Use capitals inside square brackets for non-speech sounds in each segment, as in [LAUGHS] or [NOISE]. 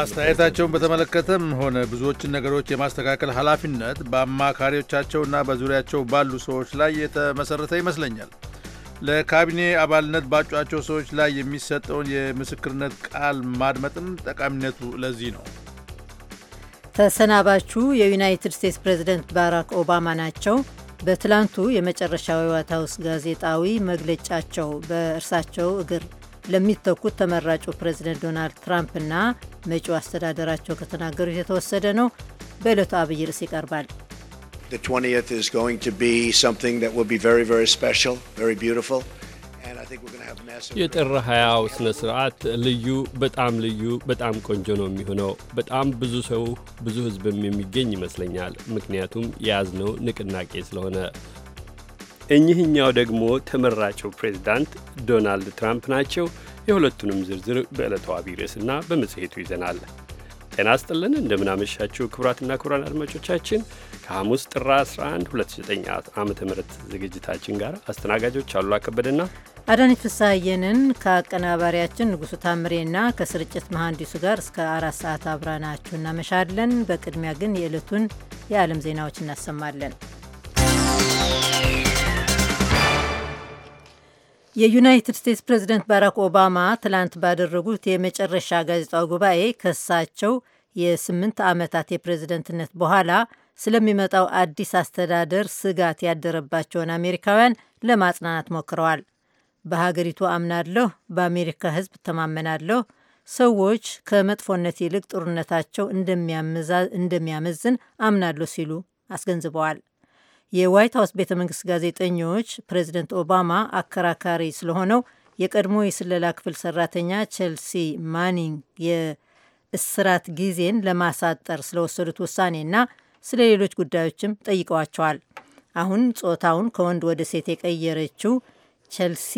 አስተያየታቸውን በተመለከተም ሆነ ብዙዎችን ነገሮች የማስተካከል ኃላፊነት በአማካሪዎቻቸውና በዙሪያቸው ባሉ ሰዎች ላይ የተመሰረተ ይመስለኛል። ለካቢኔ አባልነት ባጯቸው ሰዎች ላይ የሚሰጠውን የምስክርነት ቃል ማድመጥም ጠቃሚነቱ ለዚህ ነው። ተሰናባቹ የዩናይትድ ስቴትስ ፕሬዝደንት ባራክ ኦባማ ናቸው። በትላንቱ የመጨረሻ የዋይት ሀውስ ጋዜጣዊ መግለጫቸው በእርሳቸው እግር ለሚተኩት ተመራጩ ፕሬዚደንት ዶናልድ ትራምፕና መጪው አስተዳደራቸው ከተናገሩት የተወሰደ ነው። በዕለቱ አብይ ርዕስ ይቀርባል። የጥር ሀያው ስነ ስርዓት ልዩ በጣም ልዩ በጣም ቆንጆ ነው የሚሆነው። በጣም ብዙ ሰው ብዙ ህዝብም የሚገኝ ይመስለኛል። ምክንያቱም የያዝነው ንቅናቄ ስለሆነ እኚህኛው ደግሞ ተመራጩ ፕሬዚዳንት ዶናልድ ትራምፕ ናቸው። የሁለቱንም ዝርዝር በዕለቱ አቢይ ርዕስና በመጽሔቱ ይዘናል። ጤና ይስጥልን፣ እንደምናመሻችሁ ክቡራትና ክቡራን አድማጮቻችን ከሐሙስ ጥር 11 2009 ዓ ም ዝግጅታችን ጋር አስተናጋጆች አሉላ ከበደና አዳነች ፍስሐየንን ከአቀናባሪያችን ንጉሱ ታምሬና ከስርጭት መሐንዲሱ ጋር እስከ አራት ሰዓት አብረናችሁ እናመሻለን። በቅድሚያ ግን የዕለቱን የዓለም ዜናዎች እናሰማለን። የዩናይትድ ስቴትስ ፕሬዚደንት ባራክ ኦባማ ትላንት ባደረጉት የመጨረሻ ጋዜጣዊ ጉባኤ ከሳቸው የስምንት ዓመታት የፕሬዝደንትነት በኋላ ስለሚመጣው አዲስ አስተዳደር ስጋት ያደረባቸውን አሜሪካውያን ለማጽናናት ሞክረዋል። በሀገሪቱ አምናለሁ፣ በአሜሪካ ሕዝብ ተማመናለሁ ሰዎች ከመጥፎነት ይልቅ ጥሩነታቸው እንደሚያመዝን አምናለሁ ሲሉ አስገንዝበዋል። የዋይት ሀውስ ቤተ መንግስት ጋዜጠኞች ፕሬዚደንት ኦባማ አከራካሪ ስለሆነው የቀድሞ የስለላ ክፍል ሰራተኛ ቼልሲ ማኒንግ የእስራት ጊዜን ለማሳጠር ስለወሰዱት ውሳኔና ስለ ሌሎች ጉዳዮችም ጠይቀዋቸዋል። አሁን ጾታውን ከወንድ ወደ ሴት የቀየረችው ቼልሲ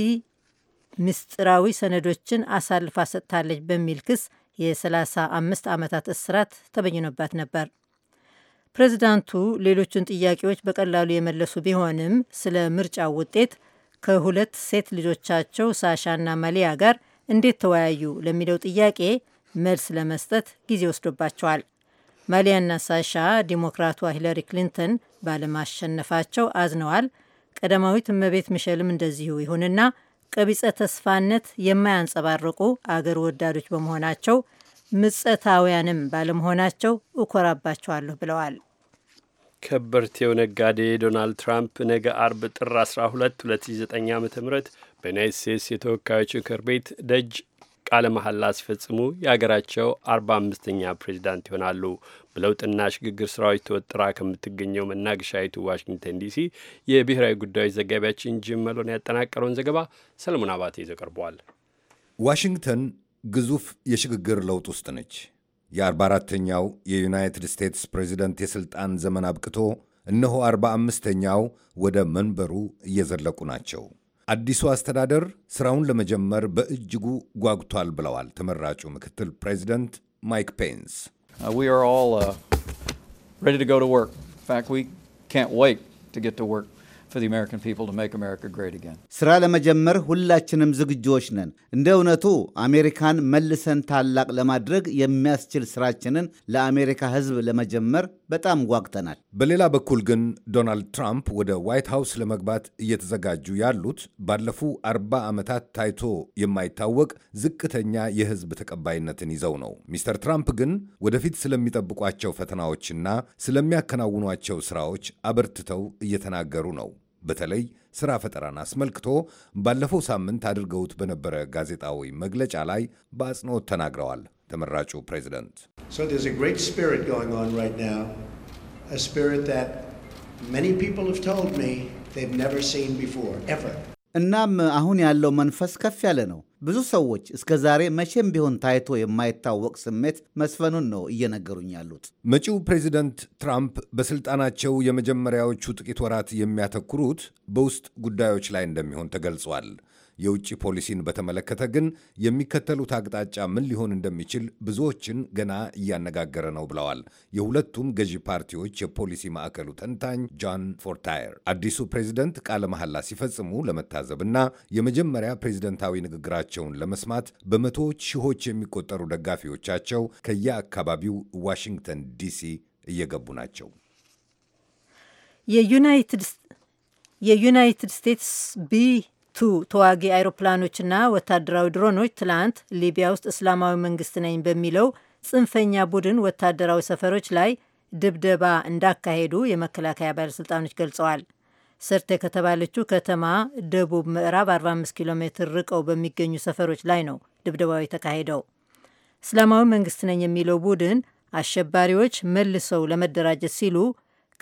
ምስጢራዊ ሰነዶችን አሳልፋ ሰጥታለች በሚል ክስ የ35 ዓመታት እስራት ተበይኖባት ነበር። ፕሬዚዳንቱ ሌሎችን ጥያቄዎች በቀላሉ የመለሱ ቢሆንም ስለ ምርጫው ውጤት ከሁለት ሴት ልጆቻቸው ሳሻና ማሊያ ጋር እንዴት ተወያዩ ለሚለው ጥያቄ መልስ ለመስጠት ጊዜ ወስዶባቸዋል። ማሊያና ሳሻ ዲሞክራቷ ሂለሪ ክሊንተን ባለማሸነፋቸው አዝነዋል። ቀዳማዊት እመቤት ሚሸልም እንደዚሁ። ይሁንና ቀቢጸ ተስፋነት የማያንጸባርቁ አገር ወዳዶች በመሆናቸው ምጸታውያንም ባለመሆናቸው እኮራባቸዋለሁ ብለዋል። ከበርቴው ነጋዴ ዶናልድ ትራምፕ ነገ አርብ ጥር 12 2009 ዓ ም በዩናይት ስቴትስ የተወካዮች ምክር ቤት ደጅ ቃለ መሐላ አስፈጽሙ የአገራቸው አርባ አምስተኛ ፕሬዚዳንት ይሆናሉ። በለውጥና ሽግግር ስራዎች ተወጥራ ከምትገኘው መናገሻዊቱ ዋሽንግተን ዲሲ የብሔራዊ ጉዳዮች ዘጋቢያችን ጅም መሎን ያጠናቀረውን ዘገባ ሰለሞን አባቴ ይዘው ቀርበዋል። ዋሽንግተን ግዙፍ የሽግግር ለውጥ ውስጥ ነች። የ44ተኛው የዩናይትድ ስቴትስ ፕሬዚደንት የሥልጣን ዘመን አብቅቶ እነሆ 45ተኛው ወደ መንበሩ እየዘለቁ ናቸው። አዲሱ አስተዳደር ሥራውን ለመጀመር በእጅጉ ጓጉቷል ብለዋል ተመራጩ ምክትል ፕሬዚደንት ማይክ ፔንስ። uh, We are all uh, ready ስራ ለመጀመር ሁላችንም ዝግጆች ነን። እንደ እውነቱ አሜሪካን መልሰን ታላቅ ለማድረግ የሚያስችል ስራችንን ለአሜሪካ ሕዝብ ለመጀመር በጣም ጓግተናል። በሌላ በኩል ግን ዶናልድ ትራምፕ ወደ ዋይት ሃውስ ለመግባት እየተዘጋጁ ያሉት ባለፉ አርባ ዓመታት ታይቶ የማይታወቅ ዝቅተኛ የሕዝብ ተቀባይነትን ይዘው ነው። ሚስተር ትራምፕ ግን ወደፊት ስለሚጠብቋቸው ፈተናዎችና ስለሚያከናውኗቸው ስራዎች አበርትተው እየተናገሩ ነው። በተለይ ስራ ፈጠራን አስመልክቶ ባለፈው ሳምንት አድርገውት በነበረ ጋዜጣዊ መግለጫ ላይ በአጽንኦት ተናግረዋል። ተመራጩ ፕሬዚደንት እናም አሁን ያለው መንፈስ ከፍ ያለ ነው። ብዙ ሰዎች እስከ ዛሬ መቼም ቢሆን ታይቶ የማይታወቅ ስሜት መስፈኑን ነው እየነገሩኝ ያሉት። መጪው ፕሬዚደንት ትራምፕ በስልጣናቸው የመጀመሪያዎቹ ጥቂት ወራት የሚያተኩሩት በውስጥ ጉዳዮች ላይ እንደሚሆን ተገልጿል። የውጭ ፖሊሲን በተመለከተ ግን የሚከተሉት አቅጣጫ ምን ሊሆን እንደሚችል ብዙዎችን ገና እያነጋገረ ነው ብለዋል የሁለቱም ገዢ ፓርቲዎች የፖሊሲ ማዕከሉ ተንታኝ ጆን ፎርታየር። አዲሱ ፕሬዚደንት ቃለ መሐላ ሲፈጽሙ ለመታዘብና የመጀመሪያ ፕሬዚደንታዊ ንግግራቸውን ለመስማት በመቶዎች ሺዎች የሚቆጠሩ ደጋፊዎቻቸው ከየአካባቢው ዋሽንግተን ዲሲ እየገቡ ናቸው። የዩናይትድ ስቴትስ ቢ ቱ ተዋጊ አይሮፕላኖችና ወታደራዊ ድሮኖች ትላንት ሊቢያ ውስጥ እስላማዊ መንግስት ነኝ በሚለው ጽንፈኛ ቡድን ወታደራዊ ሰፈሮች ላይ ድብደባ እንዳካሄዱ የመከላከያ ባለሥልጣኖች ገልጸዋል። ሰርቴ ከተባለችው ከተማ ደቡብ ምዕራብ 45 ኪሎ ሜትር ርቀው በሚገኙ ሰፈሮች ላይ ነው ድብደባው የተካሄደው። እስላማዊ መንግስት ነኝ የሚለው ቡድን አሸባሪዎች መልሰው ለመደራጀት ሲሉ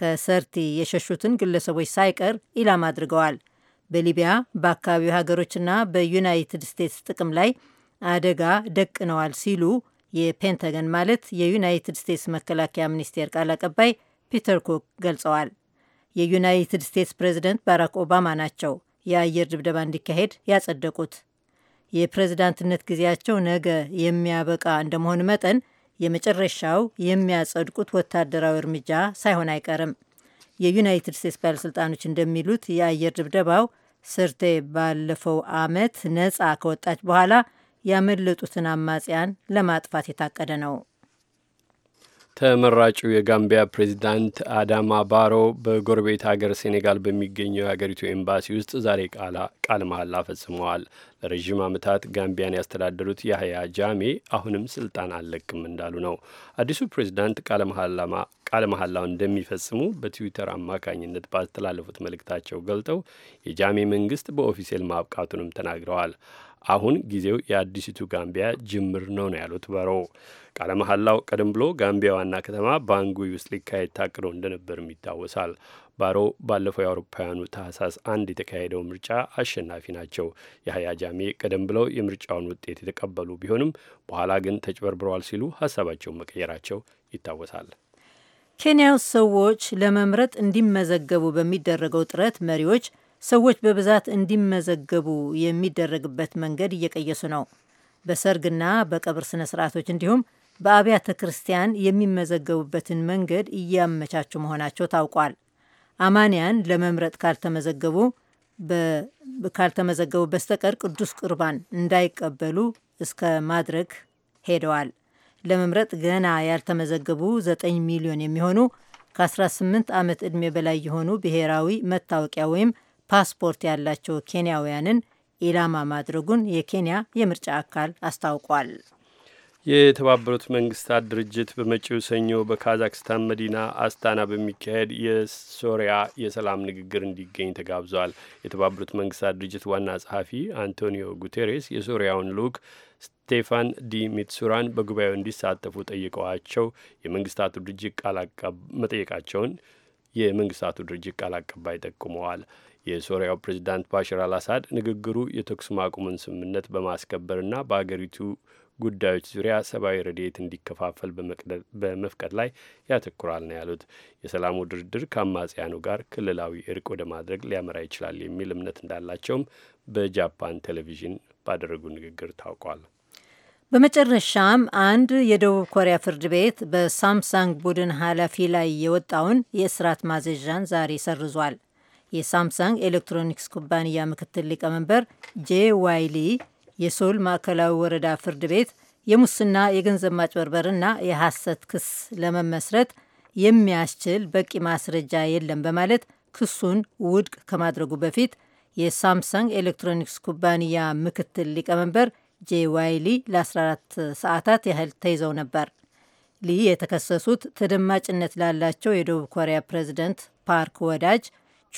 ከሰርቲ የሸሹትን ግለሰቦች ሳይቀር ኢላማ አድርገዋል። በሊቢያ በአካባቢው ሀገሮችና በዩናይትድ ስቴትስ ጥቅም ላይ አደጋ ደቅነዋል ሲሉ የፔንታገን ማለት የዩናይትድ ስቴትስ መከላከያ ሚኒስቴር ቃል አቀባይ ፒተር ኮክ ገልጸዋል። የዩናይትድ ስቴትስ ፕሬዚደንት ባራክ ኦባማ ናቸው የአየር ድብደባ እንዲካሄድ ያጸደቁት። የፕሬዝዳንትነት ጊዜያቸው ነገ የሚያበቃ እንደመሆን መጠን የመጨረሻው የሚያጸድቁት ወታደራዊ እርምጃ ሳይሆን አይቀርም። የዩናይትድ ስቴትስ ባለሥልጣኖች እንደሚሉት የአየር ድብደባው ስርቴ ባለፈው ዓመት ነጻ ከወጣች በኋላ ያመለጡትን አማጽያን ለማጥፋት የታቀደ ነው። ተመራጩ የጋምቢያ ፕሬዚዳንት አዳማ ባሮ በጎረቤት ሀገር ሴኔጋል በሚገኘው የሀገሪቱ ኤምባሲ ውስጥ ዛሬ ቃለ መሐላ ፈጽመዋል። ለረዥም ዓመታት ጋምቢያን ያስተዳደሩት ያህያ ጃሜ አሁንም ስልጣን አልለቅም እንዳሉ ነው። አዲሱ ፕሬዚዳንት ቃለ ቃለ መሐላውን እንደሚፈጽሙ በትዊተር አማካኝነት ባስተላለፉት መልእክታቸው ገልጠው የጃሜ መንግስት በኦፊሴል ማብቃቱንም ተናግረዋል። አሁን ጊዜው የአዲሲቱ ጋምቢያ ጅምር ነው ነው ያሉት በሮ ቃለ መሐላው ቀደም ብሎ ጋምቢያ ዋና ከተማ ባንጉይ ውስጥ ሊካሄድ ታቅዶ እንደነበርም ይታወሳል። ባሮ ባለፈው የአውሮፓውያኑ ታህሳስ አንድ የተካሄደው ምርጫ አሸናፊ ናቸው። የሀያ ጃሜ ቀደም ብለው የምርጫውን ውጤት የተቀበሉ ቢሆንም በኋላ ግን ተጭበርብረዋል ሲሉ ሀሳባቸውን መቀየራቸው ይታወሳል። ኬንያ ውስጥ ሰዎች ለመምረጥ እንዲመዘገቡ በሚደረገው ጥረት መሪዎች ሰዎች በብዛት እንዲመዘገቡ የሚደረግበት መንገድ እየቀየሱ ነው። በሰርግና በቀብር ስነ ስርዓቶች እንዲሁም በአብያተ ክርስቲያን የሚመዘገቡበትን መንገድ እያመቻቹ መሆናቸው ታውቋል። አማንያን ለመምረጥ ካልተመዘገቡ ካልተመዘገቡ በስተቀር ቅዱስ ቁርባን እንዳይቀበሉ እስከ ማድረግ ሄደዋል። ለመምረጥ ገና ያልተመዘገቡ 9 ሚሊዮን የሚሆኑ ከ18 ዓመት ዕድሜ በላይ የሆኑ ብሔራዊ መታወቂያ ወይም ፓስፖርት ያላቸው ኬንያውያንን ኢላማ ማድረጉን የኬንያ የምርጫ አካል አስታውቋል። የተባበሩት መንግስታት ድርጅት በመጪው ሰኞ በካዛክስታን መዲና አስታና በሚካሄድ የሶሪያ የሰላም ንግግር እንዲገኝ ተጋብዟል። የተባበሩት መንግስታት ድርጅት ዋና ጸሐፊ አንቶኒዮ ጉቴሬስ የሶሪያውን ልዑክ ስቴፋን ዲ ሚትሱራን በጉባኤው እንዲሳተፉ ጠይቀዋቸው የመንግስታቱ ድርጅት ቃል መጠየቃቸውን የመንግስታቱ ድርጅት ቃል አቀባይ ጠቁመዋል። የሶሪያው ፕሬዚዳንት ባሽር አልአሳድ ንግግሩ የተኩስ ማቁምን ስምምነት በማስከበርና በአገሪቱ ጉዳዮች ዙሪያ ሰብአዊ ረድኤት እንዲከፋፈል በመፍቀድ ላይ ያተኩራል ነው ያሉት። የሰላሙ ድርድር ከአማጽያኑ ጋር ክልላዊ እርቅ ወደ ማድረግ ሊያመራ ይችላል የሚል እምነት እንዳላቸውም በጃፓን ቴሌቪዥን ባደረጉ ንግግር ታውቋል። በመጨረሻም አንድ የደቡብ ኮሪያ ፍርድ ቤት በሳምሳንግ ቡድን ኃላፊ ላይ የወጣውን የእስራት ማዘዣን ዛሬ ሰርዟል። የሳምሳንግ ኤሌክትሮኒክስ ኩባንያ ምክትል ሊቀመንበር ጄ ዋይሊ የሶል ማዕከላዊ ወረዳ ፍርድ ቤት የሙስና የገንዘብ ማጭበርበርና የሐሰት ክስ ለመመስረት የሚያስችል በቂ ማስረጃ የለም በማለት ክሱን ውድቅ ከማድረጉ በፊት የሳምሰንግ ኤሌክትሮኒክስ ኩባንያ ምክትል ሊቀመንበር ጄ ዋይሊ ለ14 ሰዓታት ያህል ተይዘው ነበር። ሊ የተከሰሱት ተደማጭነት ላላቸው የደቡብ ኮሪያ ፕሬዚደንት ፓርክ ወዳጅ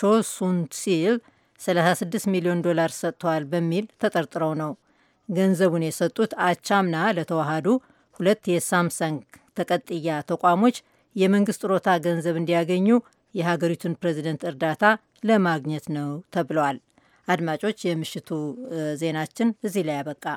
ቾ ሱን ሲል 36 ሚሊዮን ዶላር ሰጥተዋል በሚል ተጠርጥረው ነው። ገንዘቡን የሰጡት አቻምና ለተዋሃዱ ሁለት የሳምሰንግ ተቀጥያ ተቋሞች የመንግስት ጥሮታ ገንዘብ እንዲያገኙ የሀገሪቱን ፕሬዚደንት እርዳታ ለማግኘት ነው ተብለዋል። አድማጮች፣ የምሽቱ ዜናችን እዚህ ላይ ያበቃ።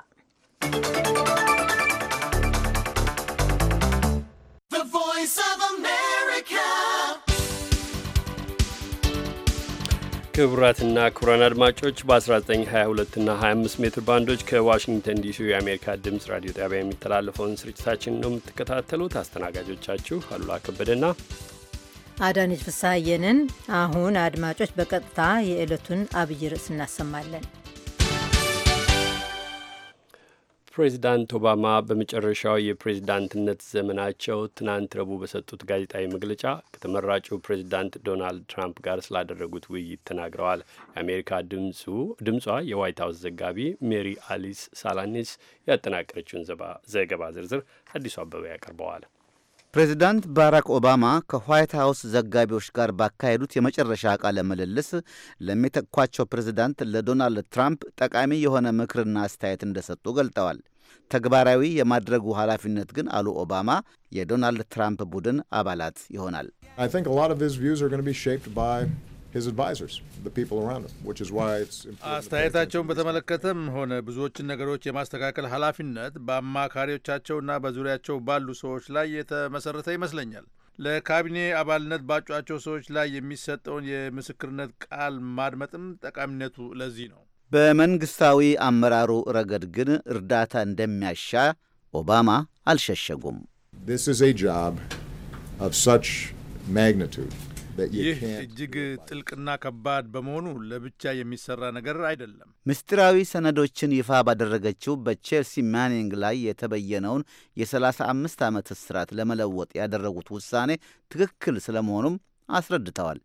ክቡራትና ክቡራን አድማጮች በ1922 እና 25 ሜትር ባንዶች ከዋሽንግተን ዲሲ የአሜሪካ ድምፅ ራዲዮ ጣቢያ የሚተላለፈውን ስርጭታችን ነው የምትከታተሉት። አስተናጋጆቻችሁ አሉላ ከበደና አዳነች ፍስሐየንን። አሁን አድማጮች በቀጥታ የዕለቱን አብይ ርዕስ እናሰማለን። ፕሬዚዳንት ኦባማ በመጨረሻው የፕሬዚዳንትነት ዘመናቸው ትናንት ረቡዕ በሰጡት ጋዜጣዊ መግለጫ ከተመራጩ ፕሬዚዳንት ዶናልድ ትራምፕ ጋር ስላደረጉት ውይይት ተናግረዋል። የአሜሪካ ድምጿ የዋይት ሀውስ ዘጋቢ ሜሪ አሊስ ሳላኒስ ያጠናቀረችውን ዘገባ ዝርዝር አዲሱ አበባ ያቀርበዋል። ፕሬዚዳንት ባራክ ኦባማ ከዋይት ሀውስ ዘጋቢዎች ጋር ባካሄዱት የመጨረሻ ቃለ ምልልስ ለሚተኳቸው ፕሬዚዳንት ለዶናልድ ትራምፕ ጠቃሚ የሆነ ምክርና አስተያየት እንደሰጡ ገልጠዋል። ተግባራዊ የማድረጉ ኃላፊነት ግን አሉ ኦባማ የዶናልድ ትራምፕ ቡድን አባላት ይሆናል። አስተያየታቸውን በተመለከተም ሆነ ብዙዎችን ነገሮች የማስተካከል ኃላፊነት በአማካሪዎቻቸውና በዙሪያቸው ባሉ ሰዎች ላይ የተመሰረተ ይመስለኛል። ለካቢኔ አባልነት ባጯቸው ሰዎች ላይ የሚሰጠውን የምስክርነት ቃል ማድመጥም ጠቃሚነቱ ለዚህ ነው። በመንግስታዊ አመራሩ ረገድ ግን እርዳታ እንደሚያሻ ኦባማ አልሸሸጉም። ይህ እጅግ ጥልቅና ከባድ በመሆኑ ለብቻ የሚሰራ ነገር አይደለም። ምስጢራዊ ሰነዶችን ይፋ ባደረገችው በቼልሲ ማኒንግ ላይ የተበየነውን የ35 ዓመት እስራት ለመለወጥ ያደረጉት ውሳኔ ትክክል ስለመሆኑም አስረድተዋል።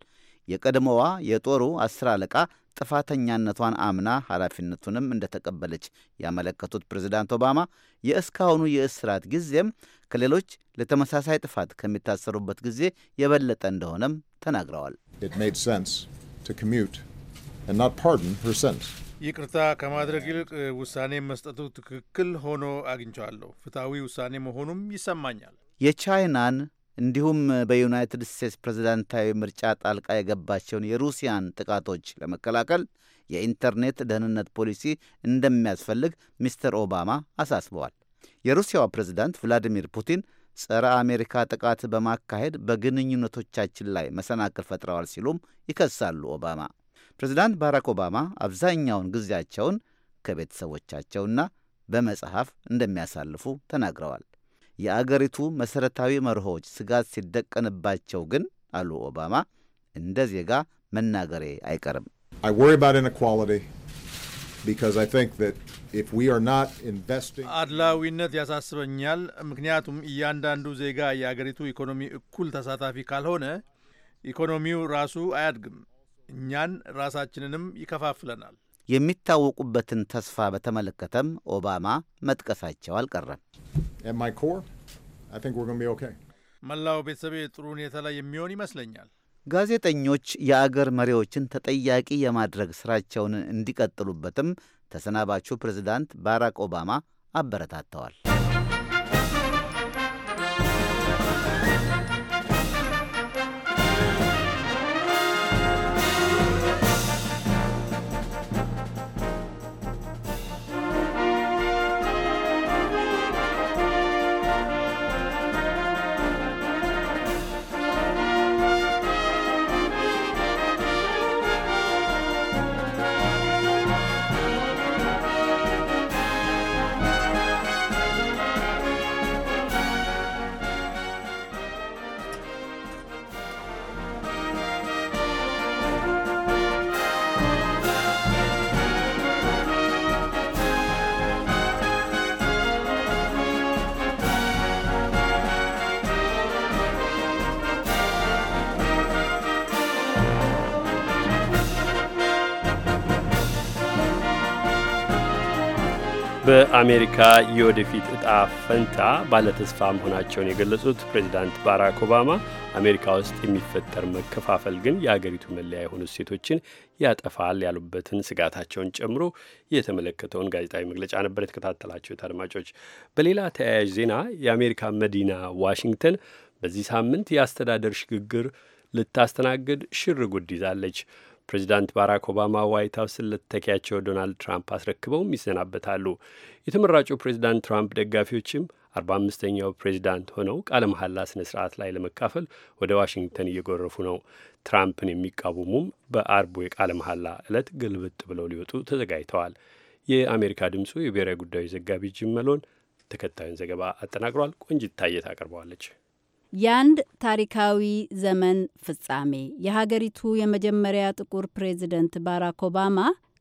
የቀድሞዋ የጦሩ አስር አለቃ ጥፋተኛነቷን አምና ኃላፊነቱንም እንደተቀበለች ያመለከቱት ፕሬዝዳንት ኦባማ የእስካሁኑ የእስራት ጊዜም ከሌሎች ለተመሳሳይ ጥፋት ከሚታሰሩበት ጊዜ የበለጠ እንደሆነም ተናግረዋል። ይቅርታ ከማድረግ ይልቅ ውሳኔ መስጠቱ ትክክል ሆኖ አግኝቸዋለሁ። ፍትሐዊ ውሳኔ መሆኑም ይሰማኛል። የቻይናን እንዲሁም በዩናይትድ ስቴትስ ፕሬዝዳንታዊ ምርጫ ጣልቃ የገባቸውን የሩሲያን ጥቃቶች ለመከላከል የኢንተርኔት ደህንነት ፖሊሲ እንደሚያስፈልግ ሚስተር ኦባማ አሳስበዋል። የሩሲያዋ ፕሬዝዳንት ቭላዲሚር ፑቲን ጸረ አሜሪካ ጥቃት በማካሄድ በግንኙነቶቻችን ላይ መሰናክል ፈጥረዋል ሲሉም ይከሳሉ። ኦባማ ፕሬዚዳንት ባራክ ኦባማ አብዛኛውን ጊዜያቸውን ከቤተሰቦቻቸውና በመጽሐፍ እንደሚያሳልፉ ተናግረዋል። የአገሪቱ መሠረታዊ መርሆች ስጋት ሲደቀንባቸው ግን አሉ ኦባማ እንደ ዜጋ መናገሬ አይቀርም። አድላዊነት ያሳስበኛል። ምክንያቱም እያንዳንዱ ዜጋ የአገሪቱ ኢኮኖሚ እኩል ተሳታፊ ካልሆነ ኢኮኖሚው ራሱ አያድግም፣ እኛን ራሳችንንም ይከፋፍለናል። የሚታወቁበትን ተስፋ በተመለከተም ኦባማ መጥቀሳቸው አልቀረም። መላው ቤተሰቤ ጥሩ ሁኔታ ላይ የሚሆን ይመስለኛል። ጋዜጠኞች የአገር መሪዎችን ተጠያቂ የማድረግ ስራቸውን እንዲቀጥሉበትም ተሰናባቹ ፕሬዚዳንት ባራክ ኦባማ አበረታተዋል። የአሜሪካ የወደፊት እጣ ፈንታ ባለተስፋ መሆናቸውን የገለጹት ፕሬዚዳንት ባራክ ኦባማ አሜሪካ ውስጥ የሚፈጠር መከፋፈል ግን የአገሪቱ መለያ የሆኑ እሴቶችን ያጠፋል ያሉበትን ስጋታቸውን ጨምሮ የተመለከተውን ጋዜጣዊ መግለጫ ነበር የተከታተላችሁት አድማጮች። በሌላ ተያያዥ ዜና የአሜሪካ መዲና ዋሽንግተን በዚህ ሳምንት የአስተዳደር ሽግግር ልታስተናግድ ሽር ጉድ ይዛለች። ፕሬዚዳንት ባራክ ኦባማ ዋይት ሀውስን ለተኪያቸው ዶናልድ ትራምፕ አስረክበውም ይሰናበታሉ። የተመራጩ ፕሬዚዳንት ትራምፕ ደጋፊዎችም አርባ አምስተኛው ፕሬዚዳንት ሆነው ቃለ መሐላ ስነ ስርዓት ላይ ለመካፈል ወደ ዋሽንግተን እየጎረፉ ነው። ትራምፕን የሚቃወሙም በአርቡ የቃለ መሐላ ዕለት ግልብጥ ብለው ሊወጡ ተዘጋጅተዋል። የአሜሪካ ድምፁ የብሔራዊ ጉዳዮች ዘጋቢ ጅም መሎን ተከታዩን ዘገባ አጠናቅሯል። ቆንጅታየት ታየት አቅርበዋለች። የአንድ ታሪካዊ ዘመን ፍጻሜ የሀገሪቱ የመጀመሪያ ጥቁር ፕሬዝደንት ባራክ ኦባማ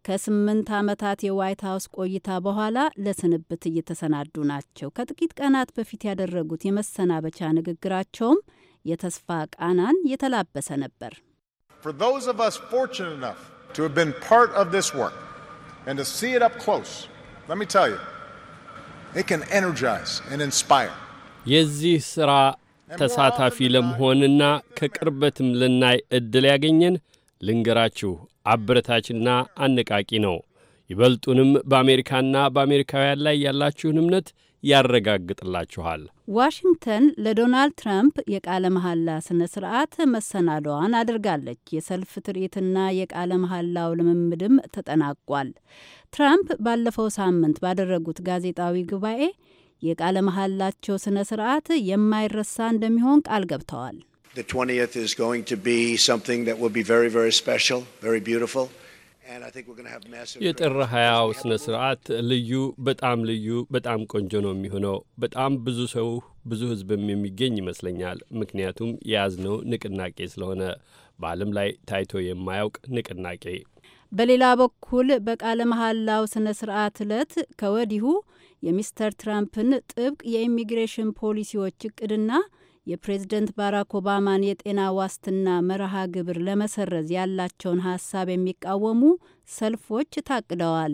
ከስምንት ዓመታት የዋይት ሀውስ ቆይታ በኋላ ለስንብት እየተሰናዱ ናቸው። ከጥቂት ቀናት በፊት ያደረጉት የመሰናበቻ ንግግራቸውም የተስፋ ቃናን የተላበሰ ነበር። የዚህ ስራ ተሳታፊ ለመሆንና ከቅርበትም ልናይ ዕድል ያገኘን ልንገራችሁ አበረታችና አነቃቂ ነው። ይበልጡንም በአሜሪካና በአሜሪካውያን ላይ ያላችሁን እምነት ያረጋግጥላችኋል። ዋሽንግተን ለዶናልድ ትራምፕ የቃለ መሐላ ስነ ስርዓት መሰናዶዋን አድርጋለች። የሰልፍ ትርኢትና የቃለ መሐላው ልምምድም ተጠናቋል። ትራምፕ ባለፈው ሳምንት ባደረጉት ጋዜጣዊ ጉባኤ የቃለ መሐላቸው ስነ ስርዓት የማይረሳ እንደሚሆን ቃል ገብተዋል። የጥር ሀያው ስነ ስርዓት ልዩ በጣም ልዩ በጣም ቆንጆ ነው የሚሆነው። በጣም ብዙ ሰው ብዙ ህዝብም የሚገኝ ይመስለኛል። ምክንያቱም የያዝነው ንቅናቄ ስለሆነ በዓለም ላይ ታይቶ የማያውቅ ንቅናቄ። በሌላ በኩል በቃለ መሐላው ስነ ስርዓት ዕለት ከወዲሁ የሚስተር ትራምፕን ጥብቅ የኢሚግሬሽን ፖሊሲዎች እቅድና የፕሬዝደንት ባራክ ኦባማን የጤና ዋስትና መርሃ ግብር ለመሰረዝ ያላቸውን ሀሳብ የሚቃወሙ ሰልፎች ታቅደዋል።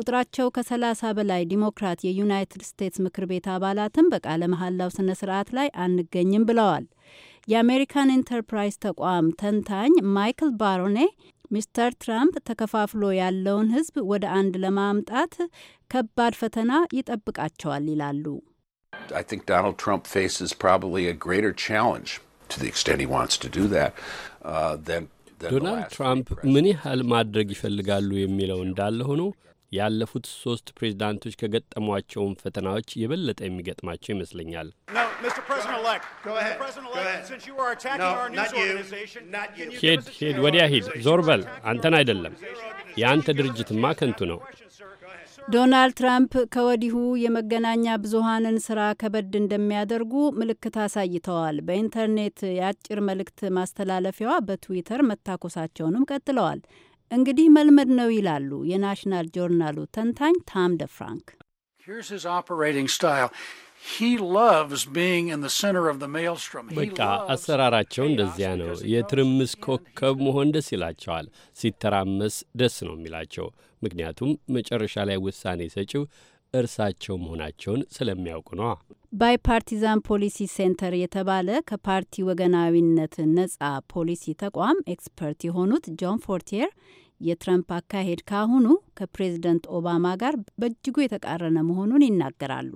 ቁጥራቸው ከ30 በላይ ዲሞክራት የዩናይትድ ስቴትስ ምክር ቤት አባላትም በቃለ መሐላው ስነ ስርዓት ላይ አንገኝም ብለዋል። የአሜሪካን ኢንተርፕራይዝ ተቋም ተንታኝ ማይክል ባሮኔ ሚስተር ትራምፕ ተከፋፍሎ ያለውን ህዝብ ወደ አንድ ለማምጣት ከባድ ፈተና ይጠብቃቸዋል ይላሉ። ዶናልድ ትራምፕ uh, ምን ያህል ማድረግ ይፈልጋሉ የሚለው እንዳለ ሆኖ ያለፉት ሶስት ፕሬዝዳንቶች ከገጠሟቸውን ፈተናዎች የበለጠ የሚገጥማቸው ይመስለኛል። ሄድ ሄድ፣ ወዲያ ሂድ፣ ዞር በል፣ አንተን አይደለም። የአንተ ድርጅትማ ከንቱ ነው። ዶናልድ ትራምፕ ከወዲሁ የመገናኛ ብዙሃንን ስራ ከበድ እንደሚያደርጉ ምልክት አሳይተዋል። በኢንተርኔት የአጭር መልእክት ማስተላለፊያዋ በትዊተር መታኮሳቸውንም ቀጥለዋል። እንግዲህ መልመድ ነው ይላሉ የናሽናል ጆርናሉ ተንታኝ ታም ደ ፍራንክ። በቃ አሰራራቸው እንደዚያ ነው። የትርምስ ኮከብ መሆን ደስ ይላቸዋል። ሲተራመስ ደስ ነው የሚላቸው ምክንያቱም መጨረሻ ላይ ውሳኔ ሰጪው እርሳቸው መሆናቸውን ስለሚያውቁ ነዋ። ባይፓርቲዛን ፖሊሲ ሴንተር የተባለ ከፓርቲ ወገናዊነት ነጻ ፖሊሲ ተቋም ኤክስፐርት የሆኑት ጆን ፎርቲየር የትረምፕ አካሄድ ካሁኑ ከፕሬዝደንት ኦባማ ጋር በእጅጉ የተቃረነ መሆኑን ይናገራሉ።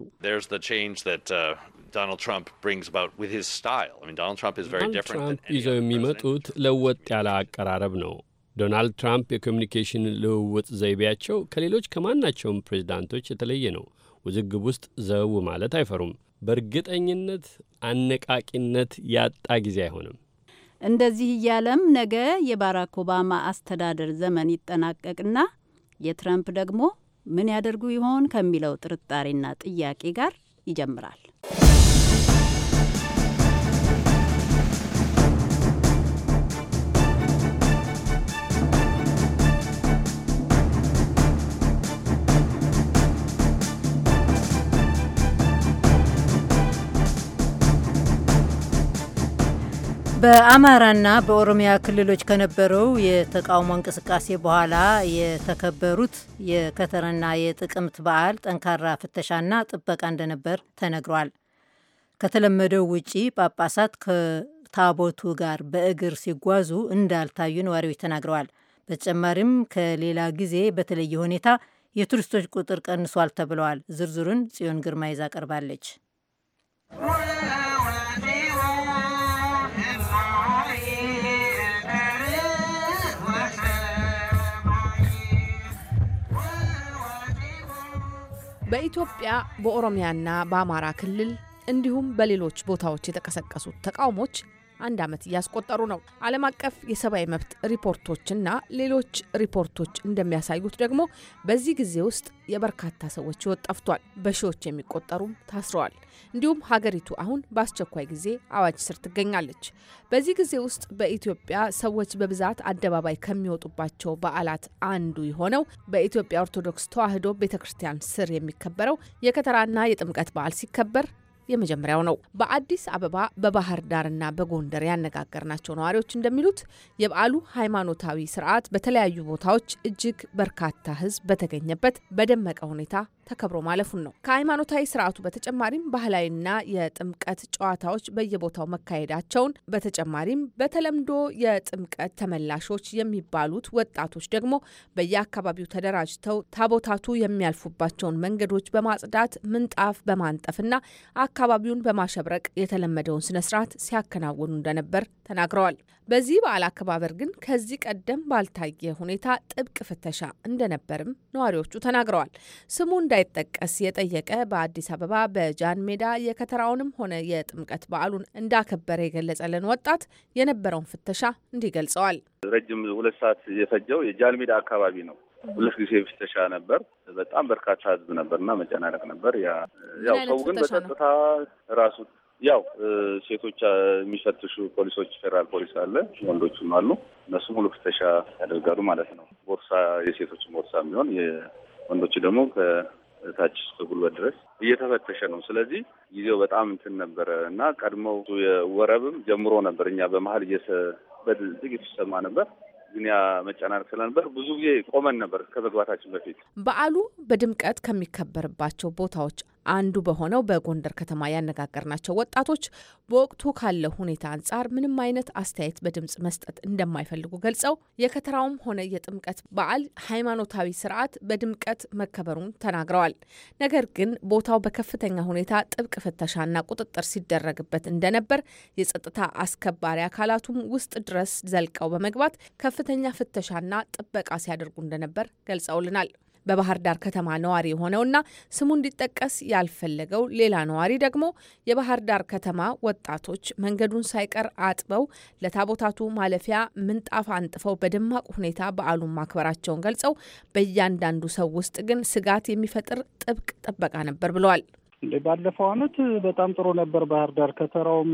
ዶናልድ ትራምፕ ይዘው የሚመጡት ለወጥ ያለ አቀራረብ ነው። ዶናልድ ትራምፕ የኮሚኒኬሽን ልውውጥ ዘይቤያቸው ከሌሎች ከማናቸውም ፕሬዝዳንቶች የተለየ ነው። ውዝግብ ውስጥ ዘው ማለት አይፈሩም። በእርግጠኝነት አነቃቂነት ያጣ ጊዜ አይሆንም። እንደዚህ እያለም ነገ የባራክ ኦባማ አስተዳደር ዘመን ይጠናቀቅና የትረምፕ ደግሞ ምን ያደርጉ ይሆን ከሚለው ጥርጣሬና ጥያቄ ጋር ይጀምራል። በአማራና በኦሮሚያ ክልሎች ከነበረው የተቃውሞ እንቅስቃሴ በኋላ የተከበሩት የከተራና የጥቅምት በዓል ጠንካራ ፍተሻና ጥበቃ እንደነበር ተነግሯል። ከተለመደው ውጪ ጳጳሳት ከታቦቱ ጋር በእግር ሲጓዙ እንዳልታዩ ነዋሪዎች ተናግረዋል። በተጨማሪም ከሌላ ጊዜ በተለየ ሁኔታ የቱሪስቶች ቁጥር ቀንሷል ተብለዋል። ዝርዝሩን ጽዮን ግርማ ይዛ ቀርባለች። በኢትዮጵያ በኦሮሚያና በአማራ ክልል እንዲሁም በሌሎች ቦታዎች የተቀሰቀሱት ተቃውሞች አንድ ዓመት እያስቆጠሩ ነው። ዓለም አቀፍ የሰብአዊ መብት ሪፖርቶችና ሌሎች ሪፖርቶች እንደሚያሳዩት ደግሞ በዚህ ጊዜ ውስጥ የበርካታ ሰዎች ህይወት ጠፍቷል፣ በሺዎች የሚቆጠሩም ታስረዋል። እንዲሁም ሀገሪቱ አሁን በአስቸኳይ ጊዜ አዋጅ ስር ትገኛለች። በዚህ ጊዜ ውስጥ በኢትዮጵያ ሰዎች በብዛት አደባባይ ከሚወጡባቸው በዓላት አንዱ የሆነው በኢትዮጵያ ኦርቶዶክስ ተዋሕዶ ቤተ ክርስቲያን ስር የሚከበረው የከተራና የጥምቀት በዓል ሲከበር የመጀመሪያው ነው። በአዲስ አበባ በባህር ዳርና በጎንደር ያነጋገርናቸው ነዋሪዎች እንደሚሉት የበዓሉ ሃይማኖታዊ ስርዓት በተለያዩ ቦታዎች እጅግ በርካታ ሕዝብ በተገኘበት በደመቀ ሁኔታ ተከብሮ ማለፉን ነው። ከሃይማኖታዊ ስርዓቱ በተጨማሪም ባህላዊና የጥምቀት ጨዋታዎች በየቦታው መካሄዳቸውን፣ በተጨማሪም በተለምዶ የጥምቀት ተመላሾች የሚባሉት ወጣቶች ደግሞ በየአካባቢው ተደራጅተው ታቦታቱ የሚያልፉባቸውን መንገዶች በማጽዳት ምንጣፍ በማንጠፍና አካባቢውን በማሸብረቅ የተለመደውን ስነስርዓት ሲያከናውኑ እንደነበር ተናግረዋል። በዚህ በዓል አከባበር ግን ከዚህ ቀደም ባልታየ ሁኔታ ጥብቅ ፍተሻ እንደነበርም ነዋሪዎቹ ተናግረዋል። ስሙ እንደ እንዳይጠቀስ የጠየቀ በአዲስ አበባ በጃን ሜዳ የከተራውንም ሆነ የጥምቀት በዓሉን እንዳከበረ የገለጸልን ወጣት የነበረውን ፍተሻ እንዲህ ገልጸዋል። ረጅም ሁለት ሰዓት የፈጀው የጃን ሜዳ አካባቢ ነው። ሁለት ጊዜ ፍተሻ ነበር። በጣም በርካታ ህዝብ ነበርና መጨናነቅ ነበር። ያው ሰው ግን በጸጥታ ራሱ ያው ሴቶች የሚፈትሹ ፖሊሶች ፌዴራል ፖሊስ አለ፣ ወንዶችም አሉ። እነሱ ሙሉ ፍተሻ ያደርጋሉ ማለት ነው። ቦርሳ የሴቶችን ቦርሳ የሚሆን ወንዶች ደግሞ እታች እስከ ጉልበት ድረስ እየተፈተሸ ነው። ስለዚህ ጊዜው በጣም እንትን ነበረ እና ቀድሞው የወረብም ጀምሮ ነበር። እኛ በመሀል እየበድል ጥቂት ይሰማ ነበር ግን ያ መጨናነቅ ስለነበር ብዙ ጊዜ ቆመን ነበር ከመግባታችን በፊት። በዓሉ በድምቀት ከሚከበርባቸው ቦታዎች አንዱ በሆነው በጎንደር ከተማ ያነጋገርናቸው ወጣቶች በወቅቱ ካለው ሁኔታ አንጻር ምንም አይነት አስተያየት በድምፅ መስጠት እንደማይፈልጉ ገልጸው የከተራውም ሆነ የጥምቀት በዓል ሃይማኖታዊ ስርዓት በድምቀት መከበሩን ተናግረዋል። ነገር ግን ቦታው በከፍተኛ ሁኔታ ጥብቅ ፍተሻና ቁጥጥር ሲደረግበት እንደነበር፣ የጸጥታ አስከባሪ አካላቱም ውስጥ ድረስ ዘልቀው በመግባት ከፍተኛ ፍተሻና ጥበቃ ሲያደርጉ እንደነበር ገልጸውልናል። በባህር ዳር ከተማ ነዋሪ የሆነውና ስሙ እንዲጠቀስ ያልፈለገው ሌላ ነዋሪ ደግሞ የባህር ዳር ከተማ ወጣቶች መንገዱን ሳይቀር አጥበው ለታቦታቱ ማለፊያ ምንጣፍ አንጥፈው በደማቅ ሁኔታ በዓሉን ማክበራቸውን ገልጸው በእያንዳንዱ ሰው ውስጥ ግን ስጋት የሚፈጥር ጥብቅ ጥበቃ ነበር ብለዋል። ባለፈው አመት በጣም ጥሩ ነበር። ባህር ዳር ከተራውም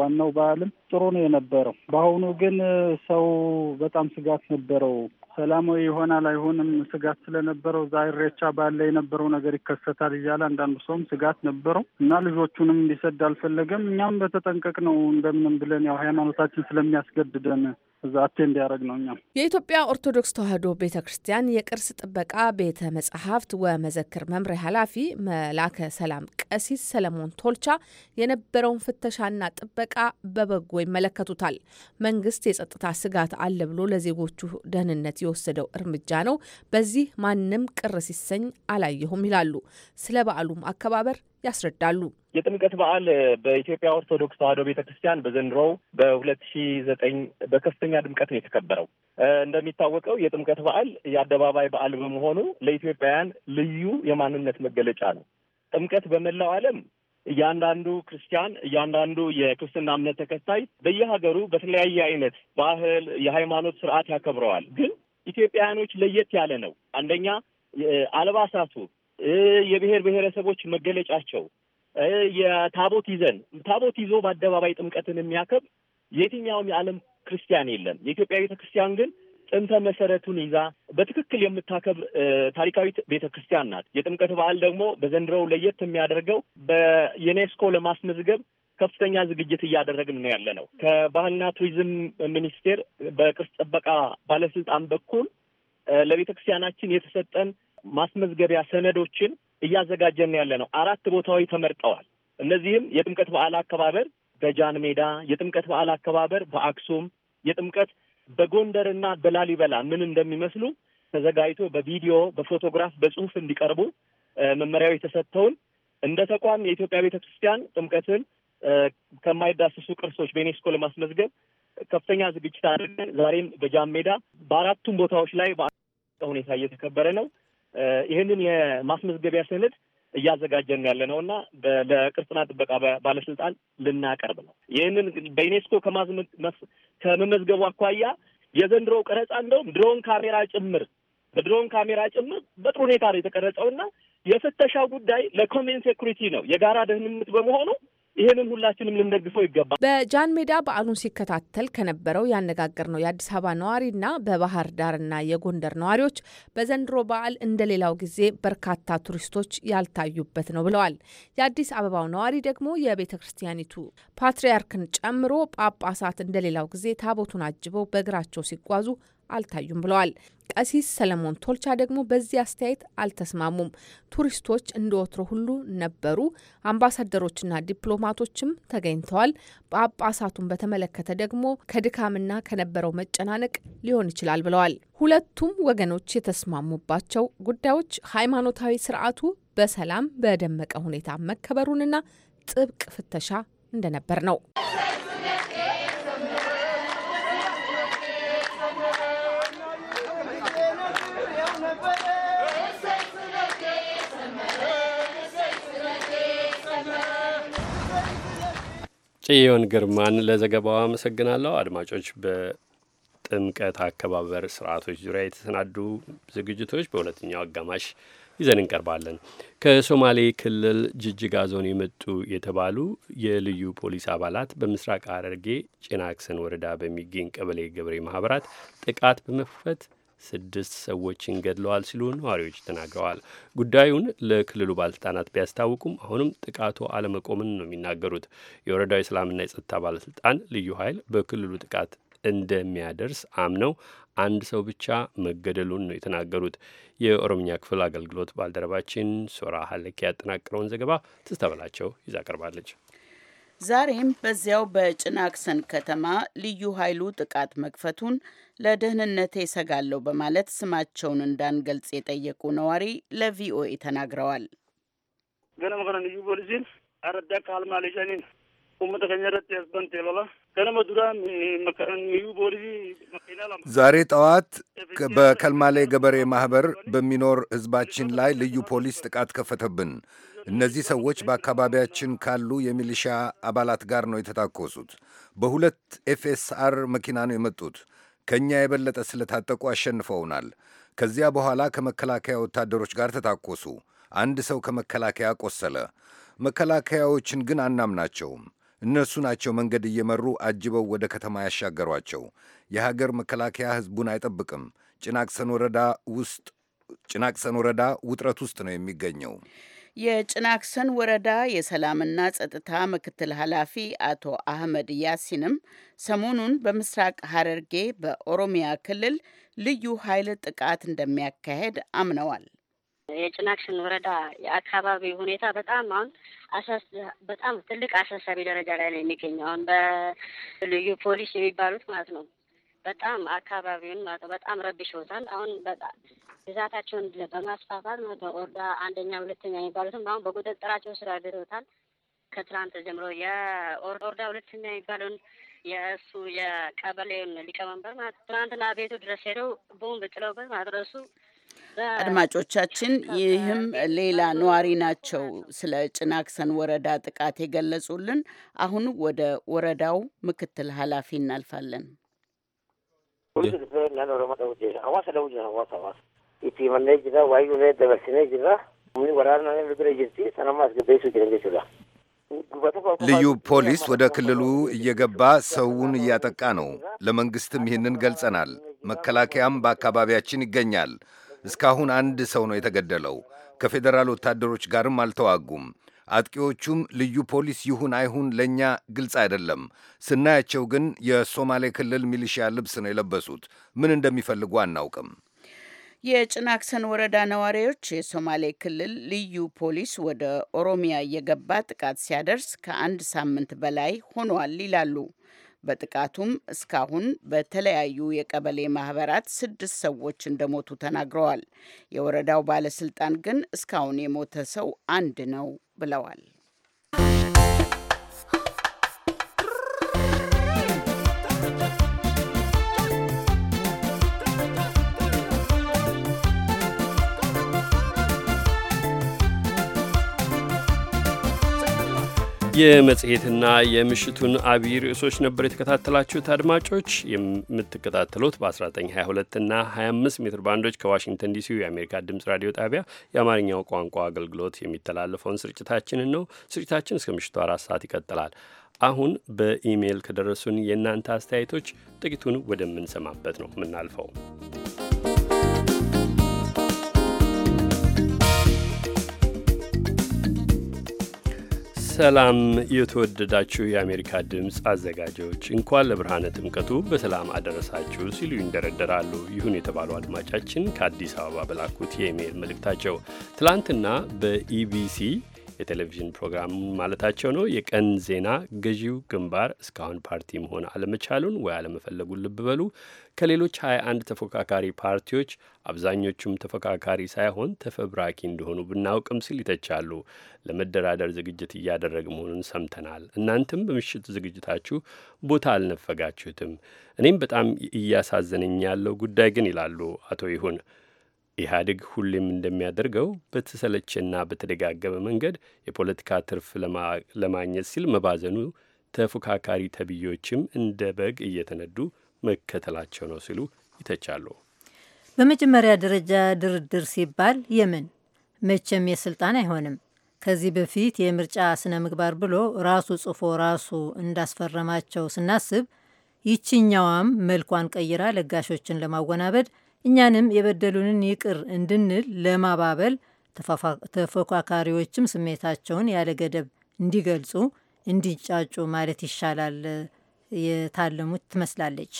ዋናው በዓልም ጥሩ ነው የነበረው። በአሁኑ ግን ሰው በጣም ስጋት ነበረው። ሰላማዊ ይሆናል አይሆንም ስጋት ስለነበረው እዛ ኢሬቻ የነበረው ነገር ይከሰታል እያለ አንዳንዱ ሰውም ስጋት ነበረው እና ልጆቹንም እንዲሰድ አልፈለገም። እኛም በተጠንቀቅ ነው እንደምንም ብለን ያው ሃይማኖታችን ስለሚያስገድደን እዛ አቴንድ ነው። እኛም የኢትዮጵያ ኦርቶዶክስ ተዋሕዶ ቤተ ክርስቲያን የቅርስ ጥበቃ ቤተ መጽሐፍት ወመዘክር መምሪያ ኃላፊ መላከ ሰላም ቀሲስ ሰለሞን ቶልቻ የነበረውን ፍተሻና ጥበቃ በበጎ ይመለከቱታል። መንግስት የጸጥታ ስጋት አለ ብሎ ለዜጎቹ ደህንነት የወሰደው እርምጃ ነው። በዚህ ማንም ቅር ሲሰኝ አላየሁም ይላሉ። ስለ በዓሉም አከባበር ያስረዳሉ። የጥምቀት በዓል በኢትዮጵያ ኦርቶዶክስ ተዋሕዶ ቤተ ክርስቲያን በዘንድሮው በሁለት ሺ ዘጠኝ በከፍተኛ ድምቀት ነው የተከበረው። እንደሚታወቀው የጥምቀት በዓል የአደባባይ በዓል በመሆኑ ለኢትዮጵያውያን ልዩ የማንነት መገለጫ ነው። ጥምቀት በመላው ዓለም እያንዳንዱ ክርስቲያን እያንዳንዱ የክርስትና እምነት ተከታይ በየሀገሩ በተለያየ አይነት ባህል፣ የሃይማኖት ስርዓት ያከብረዋል። ግን ኢትዮጵያውያኖች ለየት ያለ ነው። አንደኛ አልባሳቱ የብሔር ብሔረሰቦች መገለጫቸው የታቦት ይዘን ታቦት ይዞ በአደባባይ ጥምቀትን የሚያከብ የትኛውም የዓለም ክርስቲያን የለም። የኢትዮጵያ ቤተ ክርስቲያን ግን ጥንተ መሰረቱን ይዛ በትክክል የምታከብር ታሪካዊት ቤተ ክርስቲያን ናት። የጥምቀት በዓል ደግሞ በዘንድሮው ለየት የሚያደርገው በዩኔስኮ ለማስመዝገብ ከፍተኛ ዝግጅት እያደረግን ነው ያለ ነው። ከባህልና ቱሪዝም ሚኒስቴር በቅርስ ጥበቃ ባለስልጣን በኩል ለቤተ ክርስቲያናችን የተሰጠን ማስመዝገቢያ ሰነዶችን እያዘጋጀን ያለ ነው። አራት ቦታዎች ተመርጠዋል። እነዚህም የጥምቀት በዓል አከባበር በጃን ሜዳ፣ የጥምቀት በዓል አከባበር በአክሱም፣ የጥምቀት በጎንደርና በላሊበላ ምን እንደሚመስሉ ተዘጋጅቶ በቪዲዮ በፎቶግራፍ በጽሁፍ እንዲቀርቡ መመሪያው የተሰጥተውን እንደ ተቋም የኢትዮጵያ ቤተ ክርስቲያን ጥምቀትን ከማይዳስሱ ቅርሶች በዩኔስኮ ለማስመዝገብ ከፍተኛ ዝግጅት አድርገን ዛሬም በጃን ሜዳ በአራቱም ቦታዎች ላይ ሁኔታ እየተከበረ ነው። ይህንን የማስመዝገቢያ ሰነድ እያዘጋጀን ያለ ነው እና ለቅርስና ጥበቃ ባለስልጣን ልናቀርብ ነው። ይህንን በዩኔስኮ ከመመዝገቡ አኳያ የዘንድሮው ቀረጻ እንደውም ድሮን ካሜራ ጭምር በድሮን ካሜራ ጭምር በጥሩ ሁኔታ ነው የተቀረጸው እና የፍተሻው ጉዳይ ለኮሜን ሴኩሪቲ ነው የጋራ ደህንነት በመሆኑ ይህንን ሁላችንም ልንደግፈው ይገባል። በጃን ሜዳ በዓሉን ሲከታተል ከነበረው ያነጋገር ነው የአዲስ አበባ ነዋሪና በባህር ዳርና የጎንደር ነዋሪዎች በዘንድሮ በዓል እንደሌላው ጊዜ በርካታ ቱሪስቶች ያልታዩበት ነው ብለዋል። የአዲስ አበባው ነዋሪ ደግሞ የቤተ ክርስቲያኒቱ ፓትርያርክን ጨምሮ ጳጳሳት እንደሌላው ጊዜ ታቦቱን አጅበው በእግራቸው ሲጓዙ አልታዩም ብለዋል። ቀሲስ ሰለሞን ቶልቻ ደግሞ በዚህ አስተያየት አልተስማሙም። ቱሪስቶች እንደ ወትሮ ሁሉ ነበሩ፣ አምባሳደሮችና ዲፕሎማቶችም ተገኝተዋል። ጳጳሳቱን በተመለከተ ደግሞ ከድካምና ከነበረው መጨናነቅ ሊሆን ይችላል ብለዋል። ሁለቱም ወገኖች የተስማሙባቸው ጉዳዮች ሃይማኖታዊ ስርዓቱ በሰላም በደመቀ ሁኔታ መከበሩንና ጥብቅ ፍተሻ እንደነበር ነው። ጽዮን ግርማን ለዘገባው አመሰግናለሁ። አድማጮች በጥምቀት አከባበር ስርዓቶች ዙሪያ የተሰናዱ ዝግጅቶች በሁለተኛው አጋማሽ ይዘን እንቀርባለን። ከሶማሌ ክልል ጅጅጋ ዞን የመጡ የተባሉ የልዩ ፖሊስ አባላት በምስራቅ ሐረርጌ ጭናክሰን ወረዳ በሚገኝ ቀበሌ ገበሬ ማህበራት ጥቃት በመክፈት ስድስት ሰዎችን ገድለዋል ሲሉ ነዋሪዎች ተናግረዋል። ጉዳዩን ለክልሉ ባለስልጣናት ቢያስታውቁም አሁንም ጥቃቱ አለመቆምን ነው የሚናገሩት። የወረዳው የሰላምና የጸጥታ ባለስልጣን ልዩ ኃይል በክልሉ ጥቃት እንደሚያደርስ አምነው አንድ ሰው ብቻ መገደሉን ነው የተናገሩት። የኦሮምኛ ክፍል አገልግሎት ባልደረባችን ሶራ ሀለኪ ያጠናቀረውን ዘገባ ትስተበላቸው ይዛ ቀርባለች። ዛሬም በዚያው በጭናክሰን ከተማ ልዩ ኃይሉ ጥቃት መክፈቱን ለደህንነቴ ይሰጋለው በማለት ስማቸውን እንዳንገልጽ የጠየቁ ነዋሪ ለቪኦኤ ተናግረዋል። ዛሬ ጠዋት በከልማሌ ገበሬ ማህበር በሚኖር ህዝባችን ላይ ልዩ ፖሊስ ጥቃት ከፈተብን። እነዚህ ሰዎች በአካባቢያችን ካሉ የሚሊሻ አባላት ጋር ነው የተታኮሱት። በሁለት ኤፍኤስአር መኪና ነው የመጡት። ከእኛ የበለጠ ስለታጠቁ አሸንፈውናል። ከዚያ በኋላ ከመከላከያ ወታደሮች ጋር ተታኮሱ። አንድ ሰው ከመከላከያ ቆሰለ። መከላከያዎችን ግን አናምናቸውም። እነሱ ናቸው መንገድ እየመሩ አጅበው ወደ ከተማ ያሻገሯቸው። የሀገር መከላከያ ሕዝቡን አይጠብቅም። ጭናቅሰን ወረዳ ውስጥ ጭናቅሰን ወረዳ ውጥረት ውስጥ ነው የሚገኘው። የጭናክሰን ወረዳ የሰላምና ጸጥታ ምክትል ኃላፊ አቶ አህመድ ያሲንም ሰሞኑን በምስራቅ ሐረርጌ በኦሮሚያ ክልል ልዩ ኃይል ጥቃት እንደሚያካሄድ አምነዋል። የጭናክሰን ወረዳ የአካባቢ ሁኔታ በጣም አሁን በጣም ትልቅ አሳሳቢ ደረጃ ላይ ነው የሚገኘው አሁን በልዩ ፖሊስ የሚባሉት ማለት ነው በጣም አካባቢውን ማለት ነው በጣም ረብሸውታል። አሁን በጣም ብዛታቸውን በማስፋፋት ማለት ነው ኦርዳ አንደኛ ሁለተኛ የሚባሉትም አሁን በቁጥጥራቸው ስራ አድርገውታል። ከትላንት ጀምሮ የኦርዳ ሁለተኛ የሚባሉን የእሱ የቀበሌውን ሊቀመንበር ማለት ትናንትና ቤቱ ድረስ ሄደው ቦምብ ጥለውበት ማድረሱ አድማጮቻችን ይህም ሌላ ነዋሪ ናቸው ስለ ጭናክሰን ወረዳ ጥቃት የገለጹልን። አሁን ወደ ወረዳው ምክትል ኃላፊ እናልፋለን። Hawaasa dha wajjin hawaasa hawaasa. Itti mallee jira waayee dabarsinee jirra. Humni waraanaa bira jirti sanamma asgabbeessuu jiran jechuudha. ልዩ ፖሊስ ወደ ክልሉ እየገባ ሰውን እያጠቃ ነው። ለመንግሥትም ይህንን ገልጸናል። መከላከያም በአካባቢያችን ይገኛል። እስካሁን አንድ ሰው ነው የተገደለው። ከፌዴራል ወታደሮች ጋርም አልተዋጉም። አጥቂዎቹም ልዩ ፖሊስ ይሁን አይሁን ለእኛ ግልጽ አይደለም። ስናያቸው ግን የሶማሌ ክልል ሚሊሺያ ልብስ ነው የለበሱት። ምን እንደሚፈልጉ አናውቅም። የጭናክሰን ወረዳ ነዋሪዎች የሶማሌ ክልል ልዩ ፖሊስ ወደ ኦሮሚያ እየገባ ጥቃት ሲያደርስ ከአንድ ሳምንት በላይ ሆኗል ይላሉ። በጥቃቱም እስካሁን በተለያዩ የቀበሌ ማህበራት ስድስት ሰዎች እንደሞቱ ተናግረዋል። የወረዳው ባለስልጣን ግን እስካሁን የሞተ ሰው አንድ ነው ብለዋል። የመጽሔትና የምሽቱን አብይ ርዕሶች ነበር የተከታተላችሁት። አድማጮች የምትከታተሉት በ1922 እና 25 ሜትር ባንዶች ከዋሽንግተን ዲሲ የአሜሪካ ድምፅ ራዲዮ ጣቢያ የአማርኛው ቋንቋ አገልግሎት የሚተላለፈውን ስርጭታችንን ነው። ስርጭታችን እስከ ምሽቱ አራት ሰዓት ይቀጥላል። አሁን በኢሜይል ከደረሱን የእናንተ አስተያየቶች ጥቂቱን ወደምንሰማበት ነው የምናልፈው። ሰላም የተወደዳችሁ የአሜሪካ ድምፅ አዘጋጆች እንኳን ለብርሃነ ጥምቀቱ በሰላም አደረሳችሁ ሲሉ ይንደረደራሉ። ይሁን የተባሉ አድማጫችን ከአዲስ አበባ በላኩት የኢሜይል መልእክታቸው ትላንትና በኢቢሲ የቴሌቪዥን ፕሮግራም ማለታቸው ነው። የቀን ዜና ገዢው ግንባር እስካሁን ፓርቲ መሆን አለመቻሉን ወይ አለመፈለጉን ልብ በሉ። ከሌሎች 21 ተፎካካሪ ፓርቲዎች አብዛኞቹም ተፎካካሪ ሳይሆን ተፈብራኪ እንደሆኑ ብናውቅም ሲል ይተቻሉ። ለመደራደር ዝግጅት እያደረግ መሆኑን ሰምተናል። እናንተም በምሽት ዝግጅታችሁ ቦታ አልነፈጋችሁትም። እኔም በጣም እያሳዘነኝ ያለው ጉዳይ ግን ይላሉ አቶ ይሁን ኢህአዴግ ሁሌም እንደሚያደርገው በተሰለቸና በተደጋገበ መንገድ የፖለቲካ ትርፍ ለማግኘት ሲል መባዘኑ ተፎካካሪ ተብዮችም እንደ በግ እየተነዱ መከተላቸው ነው ሲሉ ይተቻሉ። በመጀመሪያ ደረጃ ድርድር ሲባል የምን መቼም የስልጣን አይሆንም። ከዚህ በፊት የምርጫ ስነ ምግባር ብሎ ራሱ ጽፎ ራሱ እንዳስፈረማቸው ስናስብ፣ ይችኛዋም መልኳን ቀይራ ለጋሾችን ለማወናበድ እኛንም የበደሉንን ይቅር እንድንል ለማባበል ተፎካካሪዎችም ስሜታቸውን ያለ ገደብ እንዲገልጹ እንዲጫጩ ማለት ይሻላል የታለሙት ትመስላለች።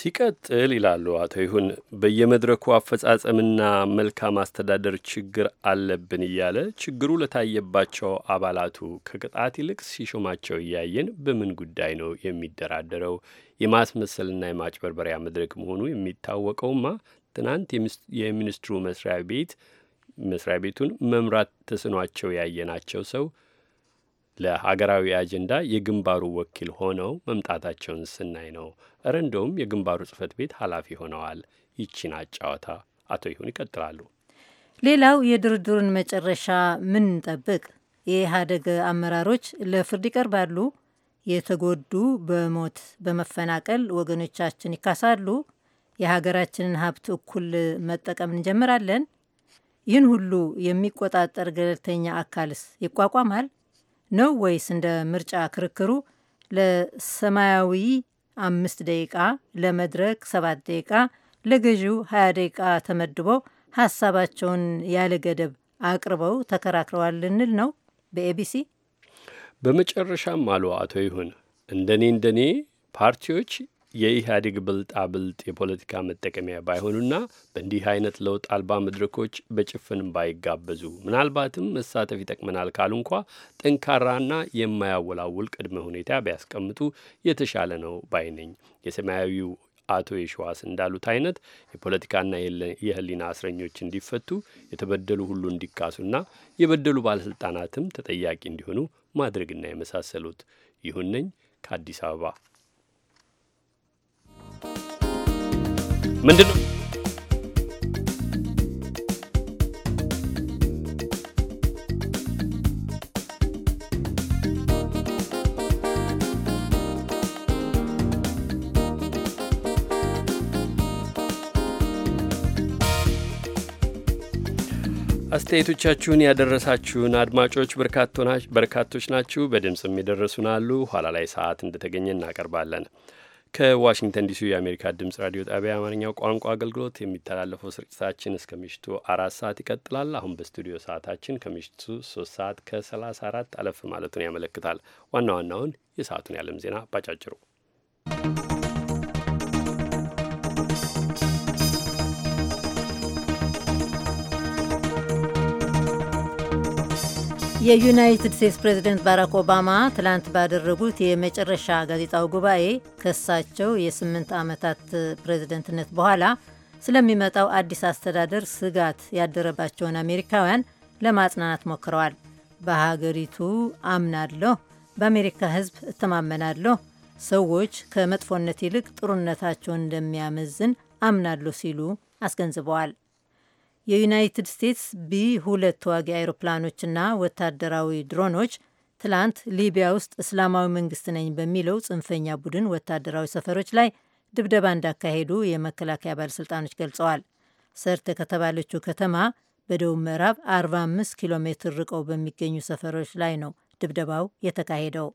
ሲቀጥል ይላሉ አቶ ይሁን በየመድረኩ አፈጻጸምና መልካም አስተዳደር ችግር አለብን እያለ ችግሩ ለታየባቸው አባላቱ ከቅጣት ይልቅ ሲሾማቸው እያየን በምን ጉዳይ ነው የሚደራደረው? የማስመሰልና የማጭበርበሪያ መድረክ መሆኑ የሚታወቀውማ ትናንት የሚኒስትሩ መስሪያ ቤት መስሪያ ቤቱን መምራት ተስኗቸው ያየናቸው ሰው ለሀገራዊ አጀንዳ የግንባሩ ወኪል ሆነው መምጣታቸውን ስናይ ነው። እረ እንደውም የግንባሩ ጽህፈት ቤት ኃላፊ ሆነዋል። ይቺን አጫወታ አቶ ይሁን ይቀጥላሉ። ሌላው የድርድሩን መጨረሻ ምን እንጠብቅ? የኢህአደግ አመራሮች ለፍርድ ይቀርባሉ፣ የተጎዱ በሞት በመፈናቀል ወገኖቻችን ይካሳሉ፣ የሀገራችንን ሀብት እኩል መጠቀም እንጀምራለን። ይህን ሁሉ የሚቆጣጠር ገለልተኛ አካልስ ይቋቋማል? ነው ወይስ እንደ ምርጫ ክርክሩ ለሰማያዊ አምስት ደቂቃ ለመድረክ ሰባት ደቂቃ ለገዢው ሀያ ደቂቃ ተመድቦ ሀሳባቸውን ያለ ገደብ አቅርበው ተከራክረዋል ልንል ነው? በኤቢሲ በመጨረሻም አሉ አቶ ይሁን እንደኔ እንደኔ ፓርቲዎች የኢህአዴግ ብልጣ ብልጥ የፖለቲካ መጠቀሚያ ባይሆኑና በእንዲህ አይነት ለውጥ አልባ መድረኮች በጭፍን ባይጋበዙ ምናልባትም መሳተፍ ይጠቅመናል ካሉ እንኳ ጠንካራና የማያወላውል ቅድመ ሁኔታ ቢያስቀምጡ የተሻለ ነው ባይነኝ። የሰማያዊው አቶ የሸዋስ እንዳሉት አይነት የፖለቲካና የህሊና እስረኞች እንዲፈቱ፣ የተበደሉ ሁሉ እንዲካሱና የበደሉ ባለሥልጣናትም ተጠያቂ እንዲሆኑ ማድረግና የመሳሰሉት ይሁን ነኝ ከአዲስ አበባ ምንድነው አስተያየቶቻችሁን ያደረሳችሁን አድማጮች በርካቶች ናችሁ። በድምፅም የደረሱን አሉ። ኋላ ላይ ሰዓት እንደተገኘ እናቀርባለን። ከዋሽንግተን ዲሲ የአሜሪካ ድምጽ ራዲዮ ጣቢያ የአማርኛው ቋንቋ አገልግሎት የሚተላለፈው ስርጭታችን እስከ ምሽቱ አራት ሰዓት ይቀጥላል። አሁን በስቱዲዮ ሰዓታችን ከምሽቱ ሶስት ሰዓት ከሰላሳ አራት አለፍ ማለቱን ያመለክታል። ዋና ዋናውን የሰዓቱን የዓለም ዜና ባጫጭሩ የዩናይትድ ስቴትስ ፕሬዝደንት ባራክ ኦባማ ትላንት ባደረጉት የመጨረሻ ጋዜጣው ጉባኤ ከሳቸው የስምንት ዓመታት ፕሬዝደንትነት በኋላ ስለሚመጣው አዲስ አስተዳደር ስጋት ያደረባቸውን አሜሪካውያን ለማጽናናት ሞክረዋል። በሀገሪቱ አምናለሁ፣ በአሜሪካ ሕዝብ እተማመናለሁ፣ ሰዎች ከመጥፎነት ይልቅ ጥሩነታቸው እንደሚያመዝን አምናለሁ ሲሉ አስገንዝበዋል። የዩናይትድ ስቴትስ ቢ ሁለት ተዋጊ አይሮፕላኖችና ወታደራዊ ድሮኖች ትላንት ሊቢያ ውስጥ እስላማዊ መንግስት ነኝ በሚለው ጽንፈኛ ቡድን ወታደራዊ ሰፈሮች ላይ ድብደባ እንዳካሄዱ የመከላከያ ባለሥልጣኖች ገልጸዋል። ሰርተ ከተባለችው ከተማ በደቡብ ምዕራብ 45 ኪሎ ሜትር ርቀው በሚገኙ ሰፈሮች ላይ ነው ድብደባው የተካሄደው።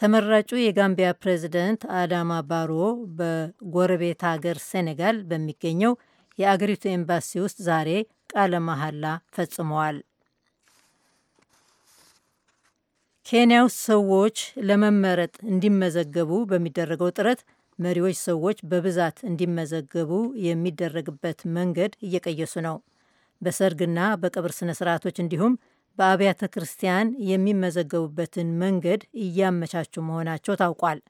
ተመራጩ የጋምቢያ ፕሬዚደንት አዳማ ባሮ በጎረቤት ሀገር ሴኔጋል በሚገኘው የአገሪቱ ኤምባሲ ውስጥ ዛሬ ቃለ መሐላ ፈጽመዋል። ኬንያ ውስጥ ሰዎች ለመመረጥ እንዲመዘገቡ በሚደረገው ጥረት መሪዎች ሰዎች በብዛት እንዲመዘገቡ የሚደረግበት መንገድ እየቀየሱ ነው። በሰርግና በቀብር ስነ ስርዓቶች እንዲሁም በአብያተ ክርስቲያን የሚመዘገቡበትን መንገድ እያመቻቹ መሆናቸው ታውቋል።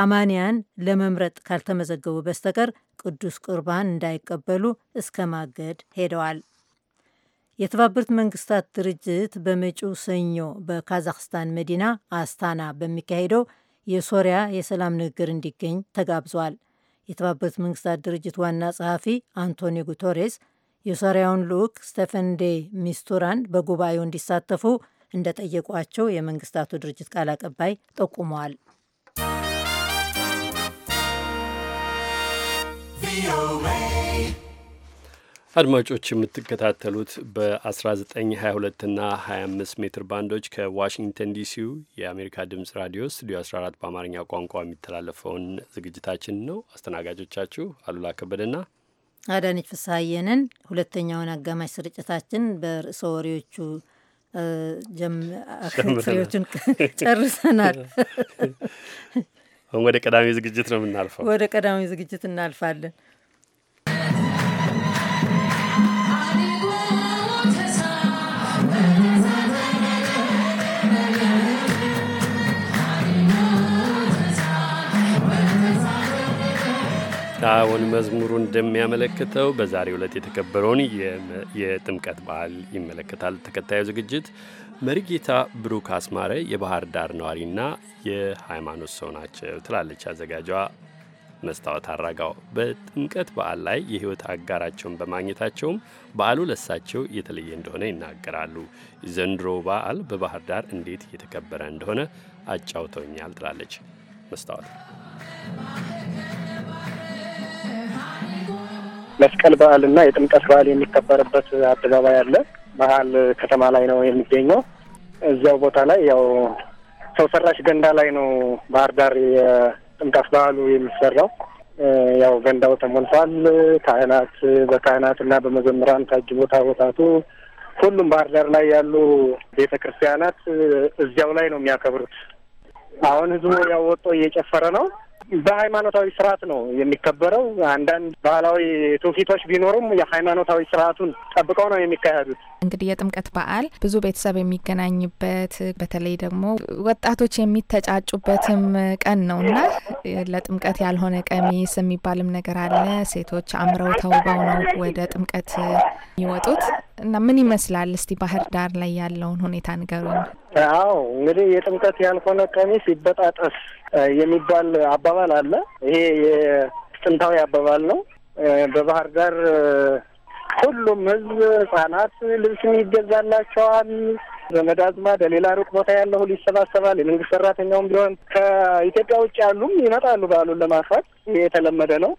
አማንያን ለመምረጥ ካልተመዘገቡ በስተቀር ቅዱስ ቁርባን እንዳይቀበሉ እስከ ማገድ ሄደዋል። የተባበሩት መንግስታት ድርጅት በመጪው ሰኞ በካዛክስታን መዲና አስታና በሚካሄደው የሶሪያ የሰላም ንግግር እንዲገኝ ተጋብዟል። የተባበሩት መንግስታት ድርጅት ዋና ጸሐፊ አንቶኒ ጉተሬስ የሶሪያውን ልዑክ ስቴፈን ዴ ሚስቱራን በጉባኤው እንዲሳተፉ እንደጠየቋቸው የመንግስታቱ ድርጅት ቃል አቀባይ ጠቁመዋል። አድማጮች የምትከታተሉት በ1922 እና 25 ሜትር ባንዶች ከዋሽንግተን ዲሲው የአሜሪካ ድምፅ ራዲዮ ስቱዲዮ 14 በአማርኛ ቋንቋ የሚተላለፈውን ዝግጅታችን ነው። አስተናጋጆቻችሁ አሉላ ከበደና አዳነች ፍስሐየንን። ሁለተኛውን አጋማሽ ስርጭታችን በርዕሰ ወሬዎቹ ፍሬዎቹን ጨርሰናል። [LAUGHS] አሁን ወደ ቀዳሚ ዝግጅት ነው የምናልፈው። ወደ ቀዳሚ ዝግጅት እናልፋለን። አሁን መዝሙሩ እንደሚያመለክተው በዛሬው ዕለት የተከበረውን የጥምቀት በዓል ይመለከታል ተከታዩ ዝግጅት። መሪጌታ ብሩክ አስማረ የባህር ዳር ነዋሪና የሃይማኖት ሰው ናቸው ትላለች አዘጋጇ መስታወት አራጋው። በጥምቀት በዓል ላይ የህይወት አጋራቸውን በማግኘታቸውም በዓሉ ለሳቸው የተለየ እንደሆነ ይናገራሉ። ዘንድሮ በዓል በባህር ዳር እንዴት እየተከበረ እንደሆነ አጫውተውኛል ትላለች መስታወት። መስቀል በዓል ና የጥምቀት በዓል የሚከበርበት አደባባይ አለ። መሀል ከተማ ላይ ነው የሚገኘው። እዚያው ቦታ ላይ ያው ሰው ሰራሽ ገንዳ ላይ ነው ባህር ዳር የጥምቀት በዓሉ የሚሰራው። ያው ገንዳው ተሞልቷል። ካህናት በካህናት እና በመዘምራን ታጅቦ ታቦታቱ ሁሉም ባህር ዳር ላይ ያሉ ቤተ ክርስቲያናት እዚያው ላይ ነው የሚያከብሩት። አሁን ህዝቡ ያው ወጦ እየጨፈረ ነው። በሃይማኖታዊ ስርዓት ነው የሚከበረው። አንዳንድ ባህላዊ ትውፊቶች ቢኖሩም የሃይማኖታዊ ስርዓቱን ጠብቀው ነው የሚካሄዱት። እንግዲህ የጥምቀት በዓል ብዙ ቤተሰብ የሚገናኝበት በተለይ ደግሞ ወጣቶች የሚተጫጩበትም ቀን ነው እና ለጥምቀት ያልሆነ ቀሚስ የሚባልም ነገር አለ። ሴቶች አምረው ተውበው ነው ወደ ጥምቀት የሚወጡት። እና ምን ይመስላል? እስቲ ባህር ዳር ላይ ያለውን ሁኔታ ንገሩኝ። አዎ እንግዲህ የጥምቀት ያልሆነ ቀሚስ ይበጣጠስ የሚባል አባባል አለ። ይሄ የጥንታዊ አባባል ነው። በባህር ዳር ሁሉም ህዝብ ህጻናት ልብስም ይገዛላቸዋል ዘመድ አዝማድ ሌላ ሩቅ ቦታ ያለው ይሰባሰባል። የመንግስት ሰራተኛውም ቢሆን ከኢትዮጵያ ውጭ ያሉም ይመጣሉ። በዓሉን ለማክበር የተለመደ ነው።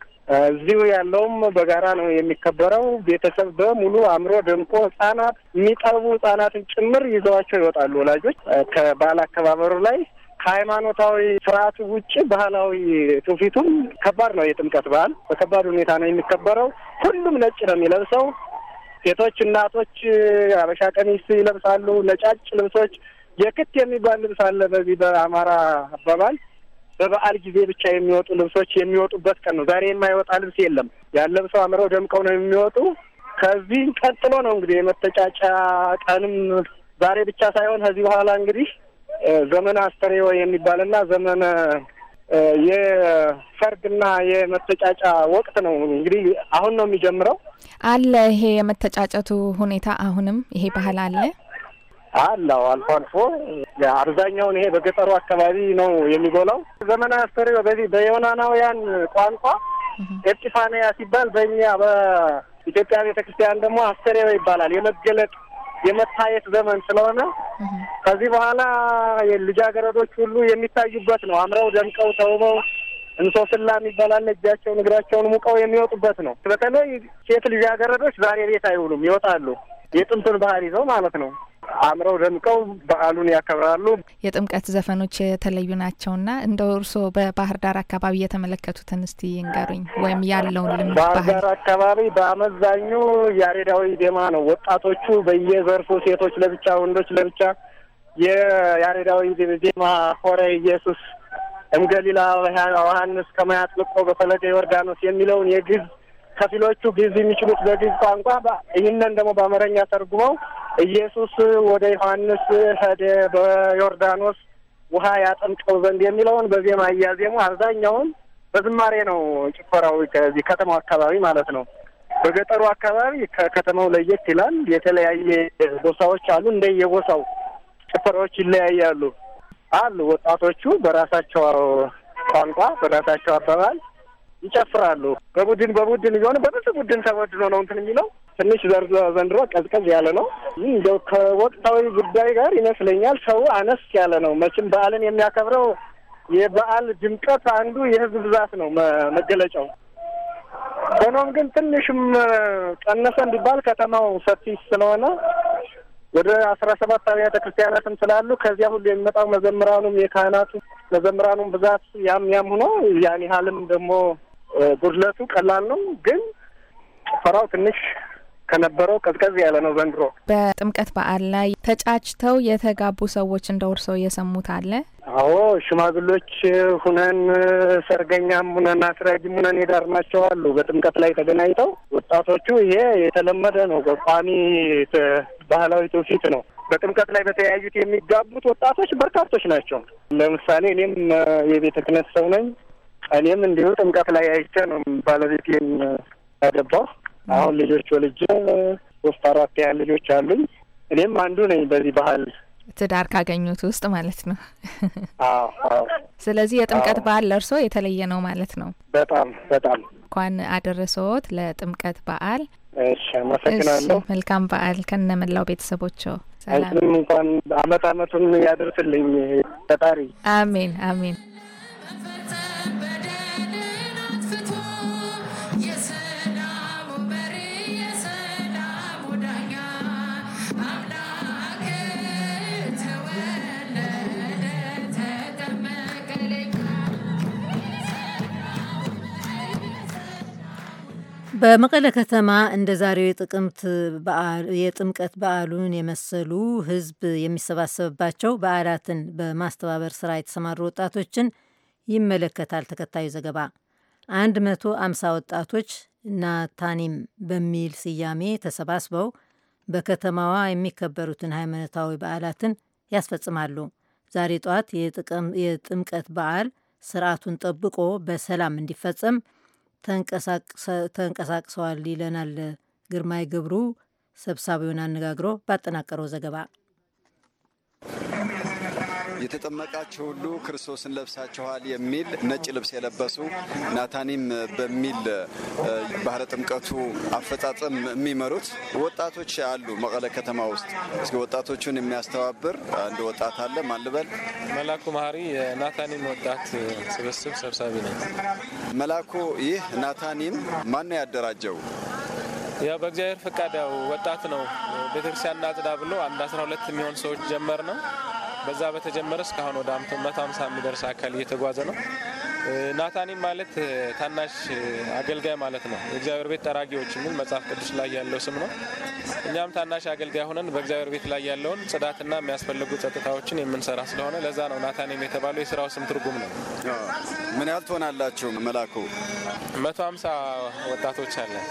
እዚሁ ያለውም በጋራ ነው የሚከበረው። ቤተሰብ በሙሉ አምሮ ደምቆ ህጻናት የሚጠቡ ህጻናትን ጭምር ይዘዋቸው ይወጣሉ። ወላጆች ከባል አከባበሩ ላይ ከሃይማኖታዊ ስርዓቱ ውጭ ባህላዊ ትውፊቱም ከባድ ነው። የጥምቀት በዓል በከባድ ሁኔታ ነው የሚከበረው። ሁሉም ነጭ ነው የሚለብሰው። ሴቶች እናቶች አበሻ ቀሚስ ይለብሳሉ። ነጫጭ ልብሶች የክት የሚባል ልብስ አለ። በዚህ በአማራ አባባል በበዓል ጊዜ ብቻ የሚወጡ ልብሶች የሚወጡበት ቀን ነው። ዛሬ የማይወጣ ልብስ የለም። ሰው አምረው ደምቀው ነው የሚወጡ። ከዚህ ቀጥሎ ነው እንግዲህ የመተጫጫ ቀንም ዛሬ ብቻ ሳይሆን ከዚህ በኋላ እንግዲህ ዘመነ አስተሬወ የሚባልና ዘመነ የሰርግና የመተጫጫ ወቅት ነው። እንግዲህ አሁን ነው የሚጀምረው አለ። ይሄ የመተጫጨቱ ሁኔታ አሁንም ይሄ ባህል አለ አለው አልፎ አልፎ አብዛኛውን ይሄ በገጠሩ አካባቢ ነው የሚጎላው። ዘመነ አስተርእዮ በዚህ በዮናናውያን ቋንቋ ኤጲፋንያ ሲባል በእኛ በኢትዮጵያ ቤተክርስቲያን ደግሞ አስተሬው ይባላል። የመገለጥ የመታየት ዘመን ስለሆነ ከዚህ በኋላ ልጃገረዶች ሁሉ የሚታዩበት ነው። አምረው ደምቀው ተውበው እንሶስላ የሚባላል እጃቸውን እግራቸውን ሙቀው የሚወጡበት ነው። በተለይ ሴት ልጃገረዶች ዛሬ ቤት አይውሉም፣ ይወጣሉ። የጥንቱን ባህል ይዘው ማለት ነው። አምረው ደምቀው በዓሉን ያከብራሉ። የጥምቀት ዘፈኖች የተለዩ ናቸውና እንደ እርስዎ በባህር ዳር አካባቢ የተመለከቱትን እስቲ እንገሩኝ ወይም ያለውን ልምድ። ባህር ዳር አካባቢ በአመዛኙ ያሬዳዊ ዜማ ነው። ወጣቶቹ በየዘርፉ ሴቶች ለብቻ፣ ወንዶች ለብቻ የያሬዳዊ ዜማ ሆረ ኢየሱስ እምገሊላ ዮሐንስ ከማያጥምቆ በፈለገ ዮርዳኖስ የሚለውን የግዝ ከፊሎቹ ግዝ የሚችሉት በግዝ ቋንቋ ይህንን ደግሞ በአማርኛ ተርጉመው ኢየሱስ ወደ ዮሐንስ ሄደ በዮርዳኖስ ውሃ ያጠምቀው ዘንድ የሚለውን በዜማ እያዜሙ አብዛኛውን በዝማሬ ነው ጭፈራው። ከዚህ ከተማው አካባቢ ማለት ነው። በገጠሩ አካባቢ ከከተማው ለየት ይላል። የተለያየ ጎሳዎች አሉ። እንደየጎሳው ጭፈራዎች ይለያያሉ አሉ። ወጣቶቹ በራሳቸው ቋንቋ በራሳቸው አባባል ይጨፍራሉ። በቡድን በቡድን ቢሆን በብዙ ቡድን ተወድኖ ነው እንትን የሚለው ትንሽ ዘንድሮ ቀዝቀዝ ያለ ነው። እንደው ከወቅታዊ ጉዳይ ጋር ይመስለኛል ሰው አነስ ያለ ነው። መቼም በዓልን የሚያከብረው የበዓል ድምቀት አንዱ የህዝብ ብዛት ነው መገለጫው። ሆኖም ግን ትንሽም ቀነሰ እንዲባል ከተማው ሰፊ ስለሆነ ወደ አስራ ሰባት አብያተ ክርስቲያናትም ስላሉ ከዚያ ሁሉ የሚመጣው መዘምራኑም የካህናቱ መዘምራኑም ብዛት ያም ያም ሆኖ ያን ያህልም ደግሞ ጉድለቱ ቀላል ነው። ግን ጭፈራው ትንሽ ከነበረው ቀዝቀዝ ያለ ነው ዘንድሮ። በጥምቀት በዓል ላይ ተጫጭተው የተጋቡ ሰዎች እንደ እየሰሙት አለ? አዎ ሽማግሎች ሁነን ሰርገኛም ሁነን አስራጅም ሁነን የዳር አሉ። በጥምቀት ላይ ተገናኝተው ወጣቶቹ ይሄ የተለመደ ነው፣ ቋሚ ባህላዊ ትውፊት ነው። በጥምቀት ላይ በተያዩት የሚጋቡት ወጣቶች በርካቶች ናቸው። ለምሳሌ እኔም የቤተ ክህነት ሰው ነኝ። እኔም እንዲሁ ጥምቀት ላይ አይቼ ነው ባለቤቴን ያገባው። አሁን ልጆች ወልጄ ሶስት አራት ያህል ልጆች አሉኝ። እኔም አንዱ ነኝ በዚህ ባህል ትዳር ካገኙት ውስጥ ማለት ነው። ስለዚህ የጥምቀት በዓል ለእርስዎ የተለየ ነው ማለት ነው። በጣም በጣም እንኳን አደረሰዎት ለጥምቀት በዓል። እሺ፣ አመሰግናለሁ። መልካም በዓል ከነመላው ቤተሰቦቸው። ሰላም። እንኳን አመት አመቱን ያደርስልኝ ፈጣሪ። አሜን አሜን። በመቀለ ከተማ እንደ ዛሬው የጥቅምት የጥምቀት በዓሉን የመሰሉ ህዝብ የሚሰባሰብባቸው በዓላትን በማስተባበር ስራ የተሰማሩ ወጣቶችን ይመለከታል። ተከታዩ ዘገባ 150 ወጣቶች ናታኒም በሚል ስያሜ ተሰባስበው በከተማዋ የሚከበሩትን ሃይማኖታዊ በዓላትን ያስፈጽማሉ። ዛሬ ጠዋት የጥምቀት በዓል ስርዓቱን ጠብቆ በሰላም እንዲፈጸም ተንቀሳቅሰዋል ይለናል ግርማይ ገብሩ ሰብሳቢውን አነጋግሮ ባጠናቀረው ዘገባ። የተጠመቃችሁ ሁሉ ክርስቶስን ለብሳችኋል የሚል ነጭ ልብስ የለበሱ ናታኒም በሚል ባህረ ጥምቀቱ አፈጻጸም የሚመሩት ወጣቶች አሉ መቀለ ከተማ ውስጥ። እስኪ ወጣቶቹን የሚያስተባብር አንድ ወጣት አለ። ማን ልበል? መላኩ መሀሪ የናታኒም ወጣት ስብስብ ሰብሳቢ ነኝ። መላኩ፣ ይህ ናታኒም ማን ነው ያደራጀው? ያው በእግዚአብሔር ፈቃድ ያው ወጣት ነው ቤተክርስቲያን ናጽዳ ብሎ አንድ አስራ ሁለት የሚሆን ሰዎች ጀመር ነው በዛ በተጀመረ እስካሁን ወደ አምቶ መቶ ሀምሳ የሚደርስ አካል እየተጓዘ ነው። ናታኒም ማለት ታናሽ አገልጋይ ማለት ነው። እግዚአብሔር ቤት ጠራጊዎች የሚል መጽሐፍ ቅዱስ ላይ ያለው ስም ነው። እኛም ታናሽ አገልጋይ ሆነን በእግዚአብሔር ቤት ላይ ያለውን ጽዳትና የሚያስፈልጉ ጸጥታዎችን የምንሰራ ስለሆነ ለዛ ነው ናታኒም የተባለው የስራው ስም ትርጉም ነው። ምን ያህል ትሆናላችሁ? መላኩ መቶ ሀምሳ ወጣቶች አለን።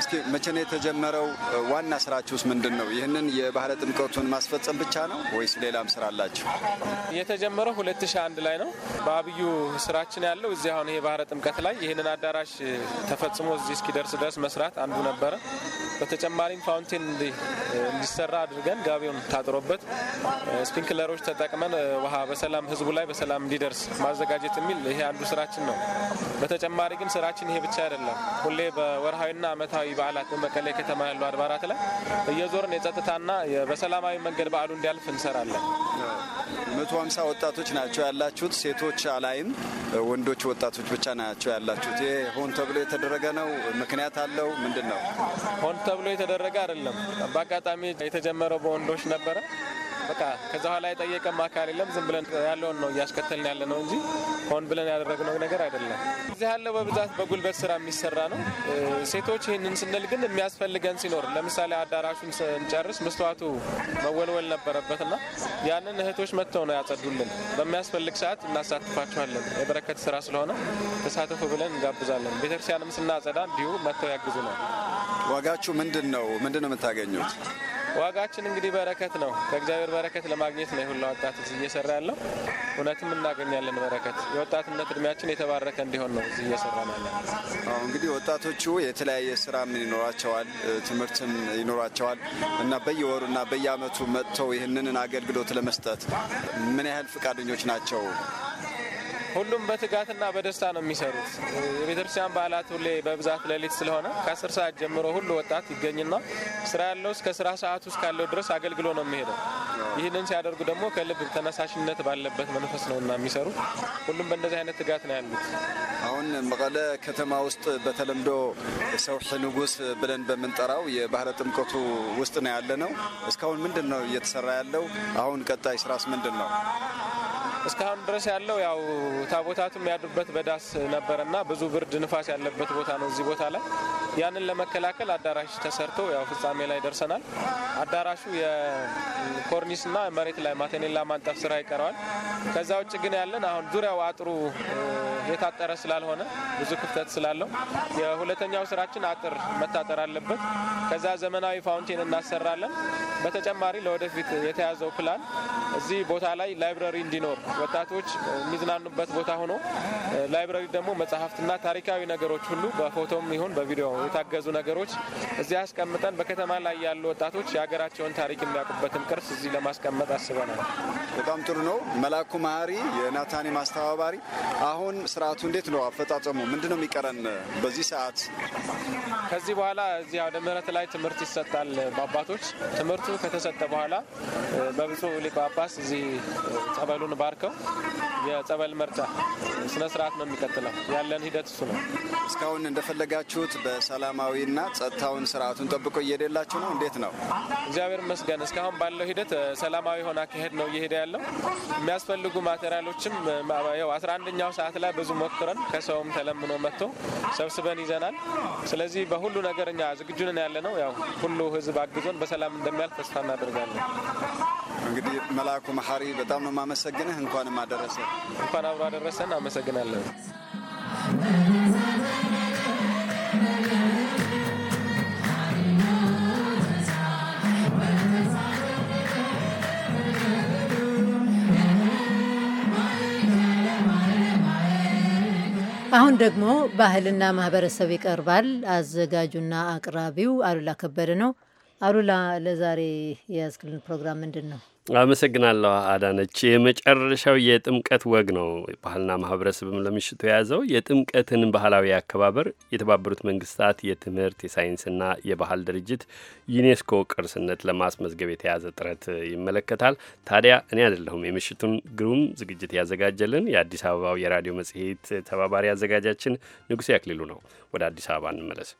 እስኪ መቼ ነው የተጀመረው? ዋና ስራችሁስ ምንድን ነው? ይህንን የባህለ ጥምቀቱን ማስፈጸም ብቻ ነው ወይስ ሌላም ስራ አላችሁ? የተጀመረው 2001 አንድ ላይ ነው በአብዩ ስራችን ያለው እዚህ አሁን ይሄ ባህረ ጥምቀት ላይ ይህንን አዳራሽ ተፈጽሞ እዚህ እስኪደርስ ድረስ መስራት አንዱ ነበረ። በተጨማሪም ፋውንቴን እንዲሰራ አድርገን ጋቢውን ታጥሮበት ስፒንክለሮች ተጠቅመን ውሃ በሰላም ህዝቡ ላይ በሰላም እንዲደርስ ማዘጋጀት የሚል ይሄ አንዱ ስራችን ነው። በተጨማሪ ግን ስራችን ይሄ ብቻ አይደለም። ሁሌ በወርሃዊና ዓመታዊ በዓላት በመቀሌ ከተማ ያሉ አድባራት ላይ እየዞርን የጸጥታና በሰላማዊ መንገድ በዓሉ እንዲያልፍ እንሰራለን። መቶ ሀምሳ ወጣቶች ናቸው ያላችሁት ሴቶች አላይም ወንዶች ወጣቶች ብቻ ናቸው ያላችሁት። ይሄ ሆን ተብሎ የተደረገ ነው? ምክንያት አለው? ምንድን ነው? ሆን ተብሎ የተደረገ አይደለም። በአጋጣሚ የተጀመረው በወንዶች ነበረ በቃ ከዛ ኋላ የጠየቀም አካል የለም። ዝም ብለን ያለውን ነው እያስከተልን ያለ ነው እንጂ ሆን ብለን ያደረግነው ነገር አይደለም። እዚህ ያለው በብዛት በጉልበት ስራ የሚሰራ ነው። ሴቶች ይህንን ስንል ግን የሚያስፈልገን ሲኖር ለምሳሌ አዳራሹን ስንጨርስ መስተዋቱ መወልወል ነበረበትና ያንን እህቶች መጥተው ነው ያጸዱልን። በሚያስፈልግ ሰዓት እናሳትፋቸዋለን። የበረከት ስራ ስለሆነ ተሳተፉ ብለን እንጋብዛለን። ቤተክርስቲያንም ስናጸዳ እንዲሁ መጥተው ያግዙ ነው። ዋጋችሁ ምንድን ነው? ምንድን ነው የምታገኙት? ዋጋችን እንግዲህ በረከት ነው። ከእግዚአብሔር በረከት ለማግኘት ነው የሁላ ወጣት እዚህ እየሰራ ያለው። እውነትም እናገኛለን በረከት። የወጣትነት እድሜያችን የተባረከ እንዲሆን ነው እዚህ እየሰራ ያለ። እንግዲህ ወጣቶቹ የተለያየ ስራ ምን ይኖራቸዋል፣ ትምህርትም ይኖራቸዋል እና በየወሩ እና በየአመቱ መጥተው ይህንን አገልግሎት ለመስጠት ምን ያህል ፈቃደኞች ናቸው? ሁሉም በትጋትና በደስታ ነው የሚሰሩት። የቤተክርስቲያን በዓላት ሁሌ በብዛት ሌሊት ስለሆነ ከአስር ሰዓት ጀምሮ ሁሉ ወጣት ይገኝና ስራ ያለው እስከ ስራ ሰዓት ውስጥ ካለው ድረስ አገልግሎ ነው የሚሄደው። ይህንን ሲያደርጉ ደግሞ ከልብ ተነሳሽነት ባለበት መንፈስ ነው እና የሚሰሩት። ሁሉም በእንደዚህ አይነት ትጋት ነው ያሉት። አሁን መቀለ ከተማ ውስጥ በተለምዶ ሰውሕ ንጉስ ብለን በምንጠራው የባህረ ጥምቀቱ ውስጥ ነው ያለ ነው። እስካሁን ምንድን ነው እየተሰራ ያለው? አሁን ቀጣይ ስራስ ምንድን ነው? እስካሁን ድረስ ያለው ያው ታቦታቱም ያሉበት በዳስ ነበረና ብዙ ብርድ ንፋስ ያለበት ቦታ ነው እዚህ ቦታ ላይ ያንን ለመከላከል አዳራሽ ተሰርቶ ያው ፍጻሜ ላይ ደርሰናል። አዳራሹ የኮርኒስና መሬት ላይ ማቴኔላ ማንጠፍ ስራ ይቀረዋል። ከዛ ውጭ ግን ያለን አሁን ዙሪያው አጥሩ የታጠረ ስላልሆነ ብዙ ክፍተት ስላለው የሁለተኛው ስራችን አጥር መታጠር አለበት። ከዛ ዘመናዊ ፋውንቴን እናሰራለን። በተጨማሪ ለወደፊት የተያዘው ፕላን እዚህ ቦታ ላይ ላይብረሪ እንዲኖር ወጣቶች የሚዝናኑበት ቦታ ሆኖ ላይብረሪ ደግሞ መጽሐፍትና ታሪካዊ ነገሮች ሁሉ በፎቶም ይሁን በቪዲዮ የታገዙ ነገሮች እዚህ አስቀምጠን በከተማ ላይ ያሉ ወጣቶች የሀገራቸውን ታሪክ የሚያውቁበትን ቅርስ እዚህ ለማስቀመጥ አስበናል። በጣም ጥሩ ነው። መላኩ መሀሪ የናታኒ ማስተባባሪ። አሁን ስርዓቱ እንዴት ነው? አፈጻጸሙ ምንድን ነው የሚቀረን? በዚህ ሰዓት ከዚህ በኋላ እዚህ አውደ ምሕረት ላይ ትምህርት ይሰጣል በአባቶች። ትምህርቱ ከተሰጠ በኋላ በብፁዕ ሊቀ ጳጳስ እዚህ ጸበሉን ባርከው የጸበል መርጫ ስነ ስርዓት ነው የሚቀጥለው። ያለን ሂደት እሱ ነው። እስካሁን እንደፈለጋችሁት በሰላማዊና ጸጥታውን ስርዓቱን ጠብቆ እየሄደላችሁ ነው? እንዴት ነው? እግዚአብሔር ይመስገን እስካሁን ባለው ሂደት ሰላማዊ የሆነ አካሄድ ነው እየሄደ ያለው። የሚያስፈልጉ ማቴሪያሎችም ያው አስራ አንደኛው ሰዓት ላይ ብዙ ሞክረን ከሰውም ተለምኖ መጥቶ ሰብስበን ይዘናል። ስለዚህ በሁሉ ነገር እኛ ዝግጁንን ያለ ነው። ያው ሁሉ ህዝብ አግዞን በሰላም እንደሚያልፍ ተስፋ እናደርጋለን። እንግዲህ መልአኩ መሀሪ በጣም ነው የማመሰግንህ። እንኳን አደረሰ እንኳን ስላደረሰን አመሰግናለን። አሁን ደግሞ ባህልና ማህበረሰብ ይቀርባል። አዘጋጁና አቅራቢው አሉላ ከበደ ነው። አሉላ፣ ለዛሬ የያዝክልን ፕሮግራም ምንድን ነው? አመሰግናለሁ አዳነች። የመጨረሻው የጥምቀት ወግ ነው ባህልና ማህበረሰብም ለምሽቱ የያዘው የጥምቀትን ባህላዊ አከባበር የተባበሩት መንግስታት የትምህርት የሳይንስና የባህል ድርጅት ዩኔስኮ ቅርስነት ለማስመዝገብ የተያዘ ጥረት ይመለከታል። ታዲያ እኔ አይደለሁም የምሽቱን ግሩም ዝግጅት ያዘጋጀልን የአዲስ አበባው የራዲዮ መጽሔት ተባባሪ አዘጋጃችን ንጉሴ አክሊሉ ነው። ወደ አዲስ አበባ እንመለስ።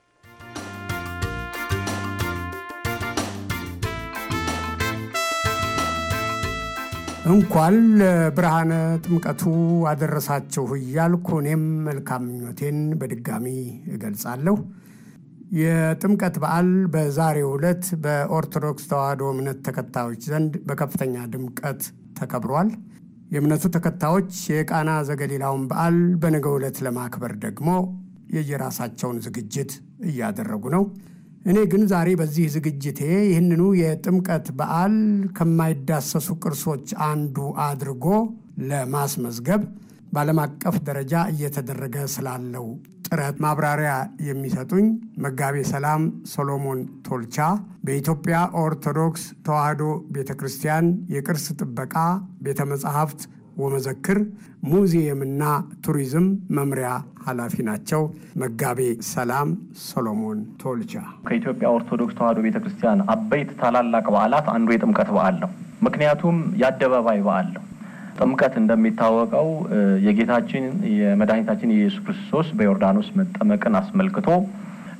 እንኳን ለብርሃነ ጥምቀቱ አደረሳችሁ እያልኩ እኔም መልካም ምኞቴን በድጋሚ እገልጻለሁ። የጥምቀት በዓል በዛሬው ዕለት በኦርቶዶክስ ተዋሕዶ እምነት ተከታዮች ዘንድ በከፍተኛ ድምቀት ተከብሯል። የእምነቱ ተከታዮች የቃና ዘገሊላውን በዓል በነገው ዕለት ለማክበር ደግሞ የየራሳቸውን ዝግጅት እያደረጉ ነው። እኔ ግን ዛሬ በዚህ ዝግጅቴ ይህንኑ የጥምቀት በዓል ከማይዳሰሱ ቅርሶች አንዱ አድርጎ ለማስመዝገብ በዓለም አቀፍ ደረጃ እየተደረገ ስላለው ጥረት ማብራሪያ የሚሰጡኝ መጋቤ ሰላም ሶሎሞን ቶልቻ በኢትዮጵያ ኦርቶዶክስ ተዋሕዶ ቤተ ክርስቲያን የቅርስ ጥበቃ ቤተ መጻሕፍት ወመዘክር ሙዚየምና ቱሪዝም መምሪያ ኃላፊ ናቸው። መጋቤ ሰላም ሶሎሞን ቶልቻ ከኢትዮጵያ ኦርቶዶክስ ተዋሕዶ ቤተ ክርስቲያን አበይት ታላላቅ በዓላት አንዱ የጥምቀት በዓል ነው። ምክንያቱም የአደባባይ በዓል ነው። ጥምቀት እንደሚታወቀው የጌታችን የመድኃኒታችን የኢየሱስ ክርስቶስ በዮርዳኖስ መጠመቅን አስመልክቶ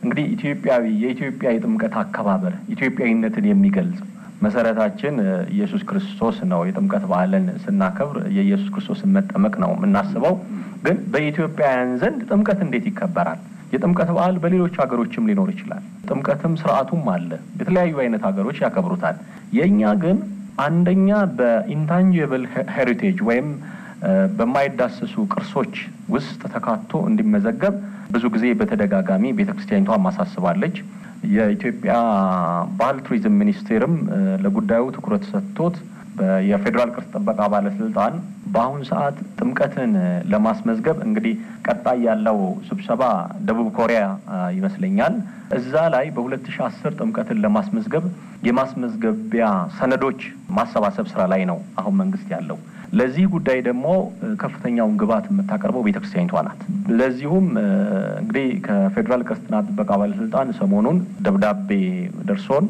እንግዲህ ኢትዮጵያዊ የኢትዮጵያ የጥምቀት አከባበር ኢትዮጵያዊነትን የሚገልጽ መሰረታችን ኢየሱስ ክርስቶስ ነው። የጥምቀት በዓልን ስናከብር የኢየሱስ ክርስቶስን መጠመቅ ነው የምናስበው። ግን በኢትዮጵያውያን ዘንድ ጥምቀት እንዴት ይከበራል? የጥምቀት በዓል በሌሎች ሀገሮችም ሊኖር ይችላል። ጥምቀትም ስርዓቱም አለ። የተለያዩ አይነት ሀገሮች ያከብሩታል። የእኛ ግን አንደኛ በኢንታንጂብል ሄሪቴጅ ወይም በማይዳሰሱ ቅርሶች ውስጥ ተካቶ እንዲመዘገብ ብዙ ጊዜ በተደጋጋሚ ቤተክርስቲያኒቷ ማሳስባለች። የኢትዮጵያ ባህል ቱሪዝም ሚኒስቴርም ለጉዳዩ ትኩረት ሰጥቶት የፌዴራል ቅርስ ጥበቃ ባለስልጣን በአሁን ሰዓት ጥምቀትን ለማስመዝገብ እንግዲህ ቀጣይ ያለው ስብሰባ ደቡብ ኮሪያ ይመስለኛል። እዛ ላይ በ 2010 ጥምቀትን ለማስመዝገብ የማስመዝገቢያ ሰነዶች ማሰባሰብ ስራ ላይ ነው አሁን መንግስት ያለው። ለዚህ ጉዳይ ደግሞ ከፍተኛውን ግብዓት የምታቀርበው ቤተክርስቲያኒቷ ናት። ለዚሁም እንግዲህ ከፌዴራል ጥናት ጥበቃ ባለስልጣን ሰሞኑን ደብዳቤ ደርሶን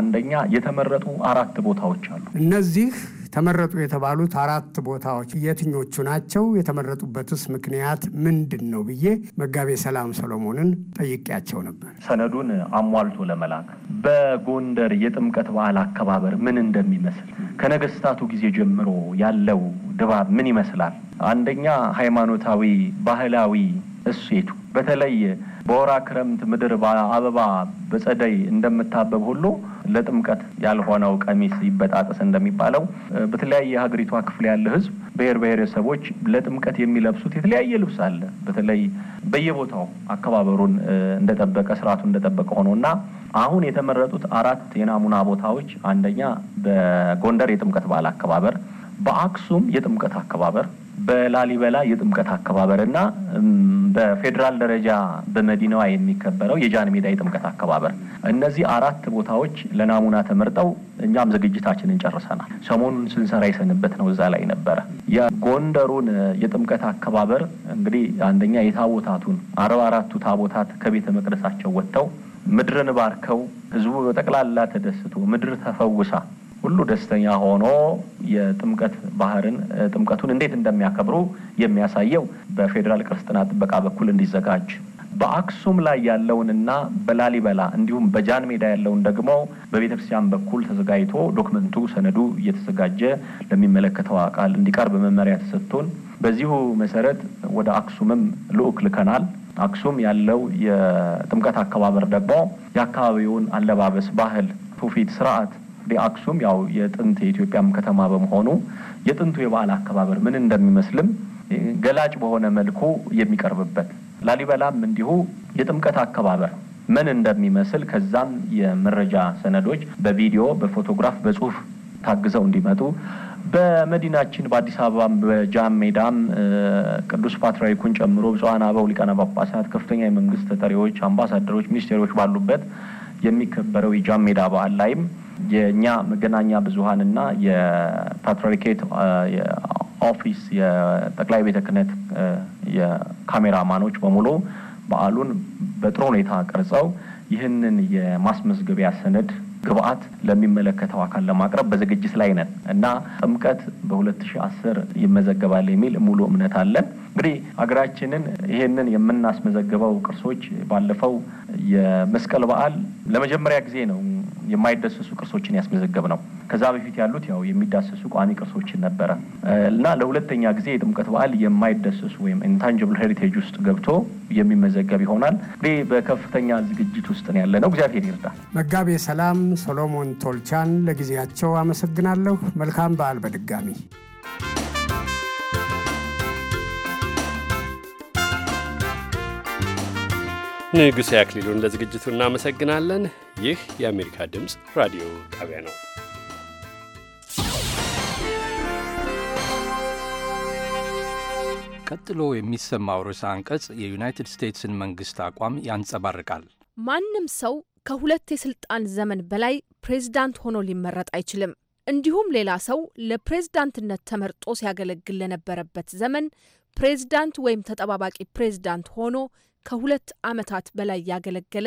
አንደኛ የተመረጡ አራት ቦታዎች አሉ እነዚህ ተመረጡ የተባሉት አራት ቦታዎች የትኞቹ ናቸው? የተመረጡበትስ ምክንያት ምንድን ነው ብዬ መጋቤ ሰላም ሰሎሞንን ጠይቄያቸው ነበር። ሰነዱን አሟልቶ ለመላክ በጎንደር የጥምቀት በዓል አከባበር ምን እንደሚመስል ከነገስታቱ ጊዜ ጀምሮ ያለው ድባብ ምን ይመስላል? አንደኛ ሃይማኖታዊ፣ ባህላዊ እሴቱ በተለይ በወራ ክረምት ምድር በአበባ በጸደይ እንደምታበብ ሁሉ ለጥምቀት ያልሆነው ቀሚስ ይበጣጠስ እንደሚባለው በተለያየ የሀገሪቷ ክፍል ያለ ህዝብ ብሔር ብሔረሰቦች ለጥምቀት የሚለብሱት የተለያየ ልብስ አለ። በተለይ በየቦታው አከባበሩን እንደጠበቀ ስርዓቱ እንደጠበቀ ሆኖ እና አሁን የተመረጡት አራት የናሙና ቦታዎች አንደኛ በጎንደር የጥምቀት በዓል አከባበር በአክሱም የጥምቀት አከባበር በላሊበላ የጥምቀት አከባበር እና በፌዴራል ደረጃ በመዲናዋ የሚከበረው የጃን ሜዳ የጥምቀት አከባበር እነዚህ አራት ቦታዎች ለናሙና ተመርጠው እኛም ዝግጅታችንን ጨርሰናል። ሰሞኑን ስንሰራ የሰንበት ነው እዛ ላይ ነበረ። የጎንደሩን የጥምቀት አከባበር እንግዲህ አንደኛ የታቦታቱን አርባ አራቱ ታቦታት ከቤተ መቅደሳቸው ወጥተው ምድርን ባርከው ህዝቡ በጠቅላላ ተደስቶ ምድር ተፈውሳ ሁሉ ደስተኛ ሆኖ የጥምቀት ባህርን ጥምቀቱን እንዴት እንደሚያከብሩ የሚያሳየው በፌዴራል ቅርስ ጥናት ጥበቃ በኩል እንዲዘጋጅ በአክሱም ላይ ያለውንና በላሊበላ እንዲሁም በጃን ሜዳ ያለውን ደግሞ በቤተ ክርስቲያን በኩል ተዘጋጅቶ ዶክመንቱ፣ ሰነዱ እየተዘጋጀ ለሚመለከተው አካል እንዲቀርብ መመሪያ ተሰጥቶን በዚሁ መሰረት ወደ አክሱምም ልዑክ ልከናል። አክሱም ያለው የጥምቀት አከባበር ደግሞ የአካባቢውን አለባበስ፣ ባህል፣ ትውፊት፣ ስርዓት አክሱም ያው የጥንት የኢትዮጵያም ከተማ በመሆኑ የጥንቱ የበዓል አከባበር ምን እንደሚመስልም ገላጭ በሆነ መልኩ የሚቀርብበት ላሊበላም እንዲሁ የጥምቀት አከባበር ምን እንደሚመስል ከዛም የመረጃ ሰነዶች በቪዲዮ፣ በፎቶግራፍ፣ በጽሁፍ ታግዘው እንዲመጡ በመዲናችን በአዲስ አበባም በጃም ሜዳም ቅዱስ ፓትርያርኩን ጨምሮ ብፁዓን አበው ሊቃነ ጳጳሳት፣ ከፍተኛ የመንግስት ተጠሪዎች፣ አምባሳደሮች፣ ሚኒስቴሮች ባሉበት የሚከበረው የጃም ሜዳ በዓል ላይም የእኛ መገናኛ ብዙሀንና የፓትሪያርኬት ኦፊስ የጠቅላይ ቤተ ክህነት የካሜራማኖች በሙሉ በዓሉን በጥሩ ሁኔታ ቀርጸው ይህንን የማስመዝገቢያ ሰነድ ግብአት ለሚመለከተው አካል ለማቅረብ በዝግጅት ላይ ነን እና ጥምቀት በ2010 ይመዘገባል የሚል ሙሉ እምነት አለን። እንግዲህ ሀገራችንን ይሄንን የምናስመዘግበው ቅርሶች ባለፈው የመስቀል በዓል ለመጀመሪያ ጊዜ ነው የማይደሰሱ ቅርሶችን ያስመዘገብ ነው። ከዛ በፊት ያሉት ያው የሚዳሰሱ ቋሚ ቅርሶችን ነበረ እና ለሁለተኛ ጊዜ የጥምቀት በዓል የማይደሰሱ ወይም ኢንታንጅብል ሄሪቴጅ ውስጥ ገብቶ የሚመዘገብ ይሆናል። እንግዲህ በከፍተኛ ዝግጅት ውስጥ ነው ያለ ነው። እግዚአብሔር ይርዳ። መጋቤ ሰላም ሶሎሞን ቶልቻን ለጊዜያቸው አመሰግናለሁ። መልካም በዓል በድጋሚ ንጉሴ አክሊሉን ለዝግጅቱ እናመሰግናለን። ይህ የአሜሪካ ድምፅ ራዲዮ ጣቢያ ነው። ቀጥሎ የሚሰማው ርዕሰ አንቀጽ የዩናይትድ ስቴትስን መንግሥት አቋም ያንጸባርቃል። ማንም ሰው ከሁለት የሥልጣን ዘመን በላይ ፕሬዝዳንት ሆኖ ሊመረጥ አይችልም። እንዲሁም ሌላ ሰው ለፕሬዝዳንትነት ተመርጦ ሲያገለግል ለነበረበት ዘመን ፕሬዝዳንት ወይም ተጠባባቂ ፕሬዝዳንት ሆኖ ከሁለት ዓመታት በላይ ያገለገለ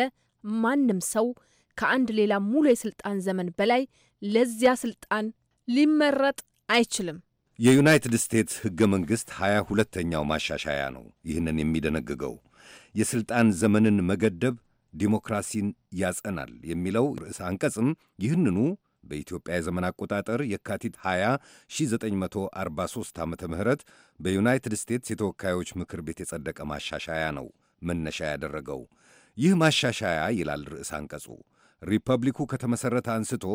ማንም ሰው ከአንድ ሌላ ሙሉ የስልጣን ዘመን በላይ ለዚያ ስልጣን ሊመረጥ አይችልም። የዩናይትድ ስቴትስ ሕገ መንግሥት ሀያ ሁለተኛው ማሻሻያ ነው ይህንን የሚደነግገው። የሥልጣን ዘመንን መገደብ ዲሞክራሲን ያጸናል የሚለው ርዕስ አንቀጽም ይህንኑ በኢትዮጵያ የዘመን አቆጣጠር የካቲት 20 1943 ዓ ም በዩናይትድ ስቴትስ የተወካዮች ምክር ቤት የጸደቀ ማሻሻያ ነው። መነሻ ያደረገው። ይህ ማሻሻያ ይላል ርዕስ አንቀጹ ሪፐብሊኩ ከተመሠረተ አንስቶ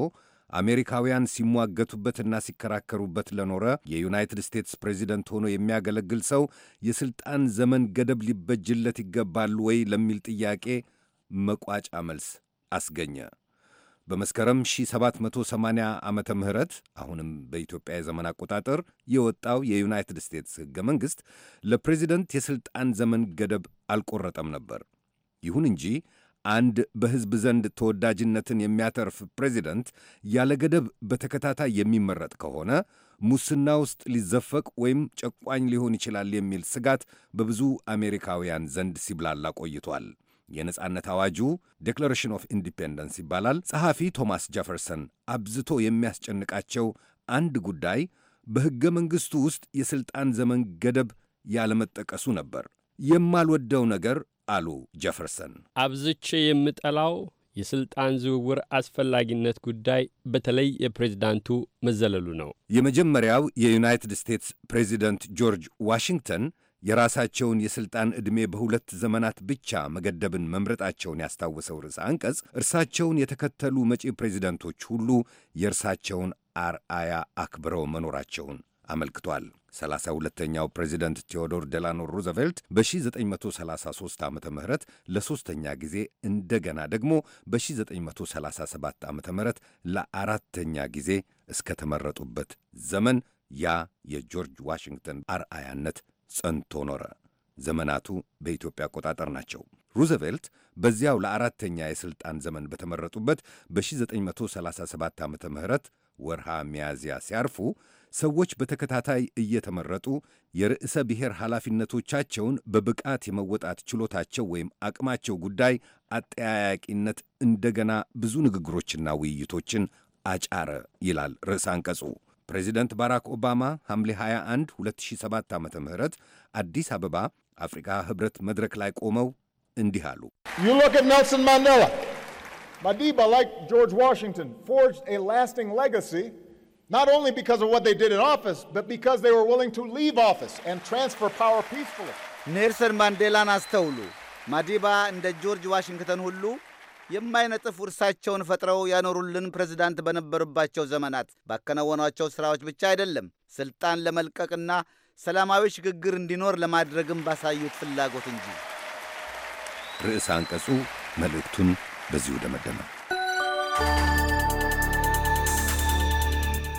አሜሪካውያን ሲሟገቱበትና ሲከራከሩበት ለኖረ የዩናይትድ ስቴትስ ፕሬዚደንት ሆኖ የሚያገለግል ሰው የሥልጣን ዘመን ገደብ ሊበጅለት ይገባል ወይ ለሚል ጥያቄ መቋጫ መልስ አስገኘ። በመስከረም 1780 ዓመተ ምህረት አሁንም በኢትዮጵያ የዘመን አቆጣጠር የወጣው የዩናይትድ ስቴትስ ሕገ መንግሥት ለፕሬዚደንት የሥልጣን ዘመን ገደብ አልቆረጠም ነበር። ይሁን እንጂ አንድ በሕዝብ ዘንድ ተወዳጅነትን የሚያተርፍ ፕሬዚደንት ያለ ገደብ በተከታታይ የሚመረጥ ከሆነ ሙስና ውስጥ ሊዘፈቅ ወይም ጨቋኝ ሊሆን ይችላል የሚል ስጋት በብዙ አሜሪካውያን ዘንድ ሲብላላ ቆይቷል። የነጻነት አዋጁ ዴክላሬሽን ኦፍ ኢንዲፔንደንስ ይባላል። ጸሐፊ ቶማስ ጀፈርሰን አብዝቶ የሚያስጨንቃቸው አንድ ጉዳይ በሕገ መንግሥቱ ውስጥ የሥልጣን ዘመን ገደብ ያለመጠቀሱ ነበር። የማልወደው ነገር አሉ ጀፈርሰን፣ አብዝቼ የምጠላው የሥልጣን ዝውውር አስፈላጊነት ጉዳይ በተለይ የፕሬዝዳንቱ መዘለሉ ነው። የመጀመሪያው የዩናይትድ ስቴትስ ፕሬዚደንት ጆርጅ ዋሽንግተን የራሳቸውን የሥልጣን ዕድሜ በሁለት ዘመናት ብቻ መገደብን መምረጣቸውን ያስታወሰው ርዕሰ አንቀጽ እርሳቸውን የተከተሉ መጪ ፕሬዚደንቶች ሁሉ የእርሳቸውን አርአያ አክብረው መኖራቸውን አመልክቷል። 32ኛው ፕሬዚደንት ቴዎዶር ዴላኖ ሩዘቬልት በ1933 ዓ ም ለሦስተኛ ጊዜ እንደገና ደግሞ በ1937 ዓ ም ለአራተኛ ጊዜ እስከተመረጡበት ዘመን ያ የጆርጅ ዋሽንግተን አርአያነት ጸንቶ ኖረ። ዘመናቱ በኢትዮጵያ አቆጣጠር ናቸው። ሩዘቬልት በዚያው ለአራተኛ የሥልጣን ዘመን በተመረጡበት በ1937 ዓ ም ወርሃ ሚያዝያ ሲያርፉ ሰዎች በተከታታይ እየተመረጡ የርዕሰ ብሔር ኃላፊነቶቻቸውን በብቃት የመወጣት ችሎታቸው ወይም አቅማቸው ጉዳይ አጠያያቂነት እንደገና ብዙ ንግግሮችና ውይይቶችን አጫረ ይላል ርዕሰ አንቀጹ። ፕሬዚደንት ባራክ ኦባማ ሐምሌ 21 2007 ዓ ም አዲስ አበባ አፍሪካ ህብረት መድረክ ላይ ቆመው እንዲህ አሉ። ኔልሰን ማንዴላ ማዲባ ላይክ ጆርጅ ዋሽንግተን ፎርጅድ ኤ ላስቲንግ ሌጋሲ not only because of what they did in office, but because they were willing to leave office and transfer power peacefully. ኔልሰን ማንዴላን አስተውሉ። ማዲባ እንደ ጆርጅ ዋሽንግተን ሁሉ የማይነጥፍ ውርሳቸውን ፈጥረው ያኖሩልን ፕሬዝዳንት በነበሩባቸው ዘመናት ባከናወኗቸው ሥራዎች ብቻ አይደለም፣ ስልጣን ለመልቀቅና ሰላማዊ ሽግግር እንዲኖር ለማድረግም ባሳዩት ፍላጎት እንጂ። ርዕስ አንቀጹ መልእክቱን በዚሁ ደመደመ።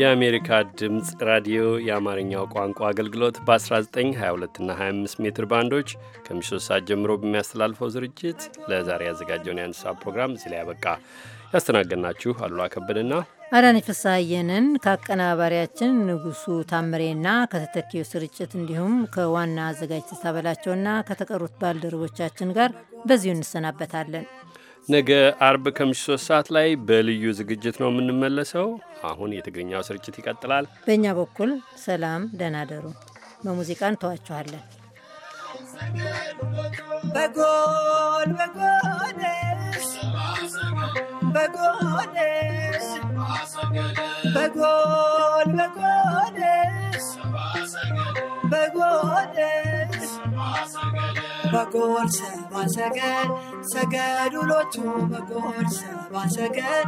የአሜሪካ ድምፅ ራዲዮ የአማርኛው ቋንቋ አገልግሎት በ1922 እና 25 ሜትር ባንዶች ከምሽቱ ሰዓት ጀምሮ በሚያስተላልፈው ዝርጅት ለዛሬ ያዘጋጀውን የአንስሳ ፕሮግራም እዚህ ላይ ያበቃ። ያስተናገድናችሁ አሉላ ከበደና አዳኒ ፍስሐየንን ከአቀናባሪያችን ንጉሱ ታምሬና ከተተኪው ስርጭት እንዲሁም ከዋና አዘጋጅ ተሳበላቸውና ከተቀሩት ባልደረቦቻችን ጋር በዚሁ እንሰናበታለን። ነገ አርብ ከምሽ ሶስት ሰዓት ላይ በልዩ ዝግጅት ነው የምንመለሰው። አሁን የትግርኛው ስርጭት ይቀጥላል። በእኛ በኩል ሰላም፣ ደህና ደሩ። በሙዚቃ እንተዋችኋለን። በጎን በጎን bagoorsa waan sagal sagaadulootoo bagoorsa waan sagal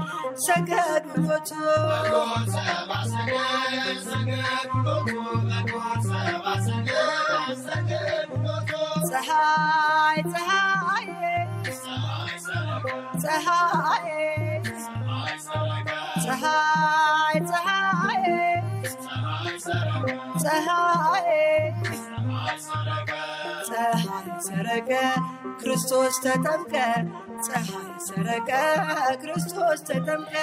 sagaadulootoo. bagoorsa waan sagal sagaadulootoo bagoorsa waan sagal sagaadulootoo. sahaay sahaayee. sahaay sahaayee. sahaayee. sahaay sahaayee. sahaay sahaayee. sahaayee. ፀሐይ ሰረቀ ክርስቶስ ተጠምቀ ፀሐይ ሰረቀ ክርስቶስ ተጠምቀ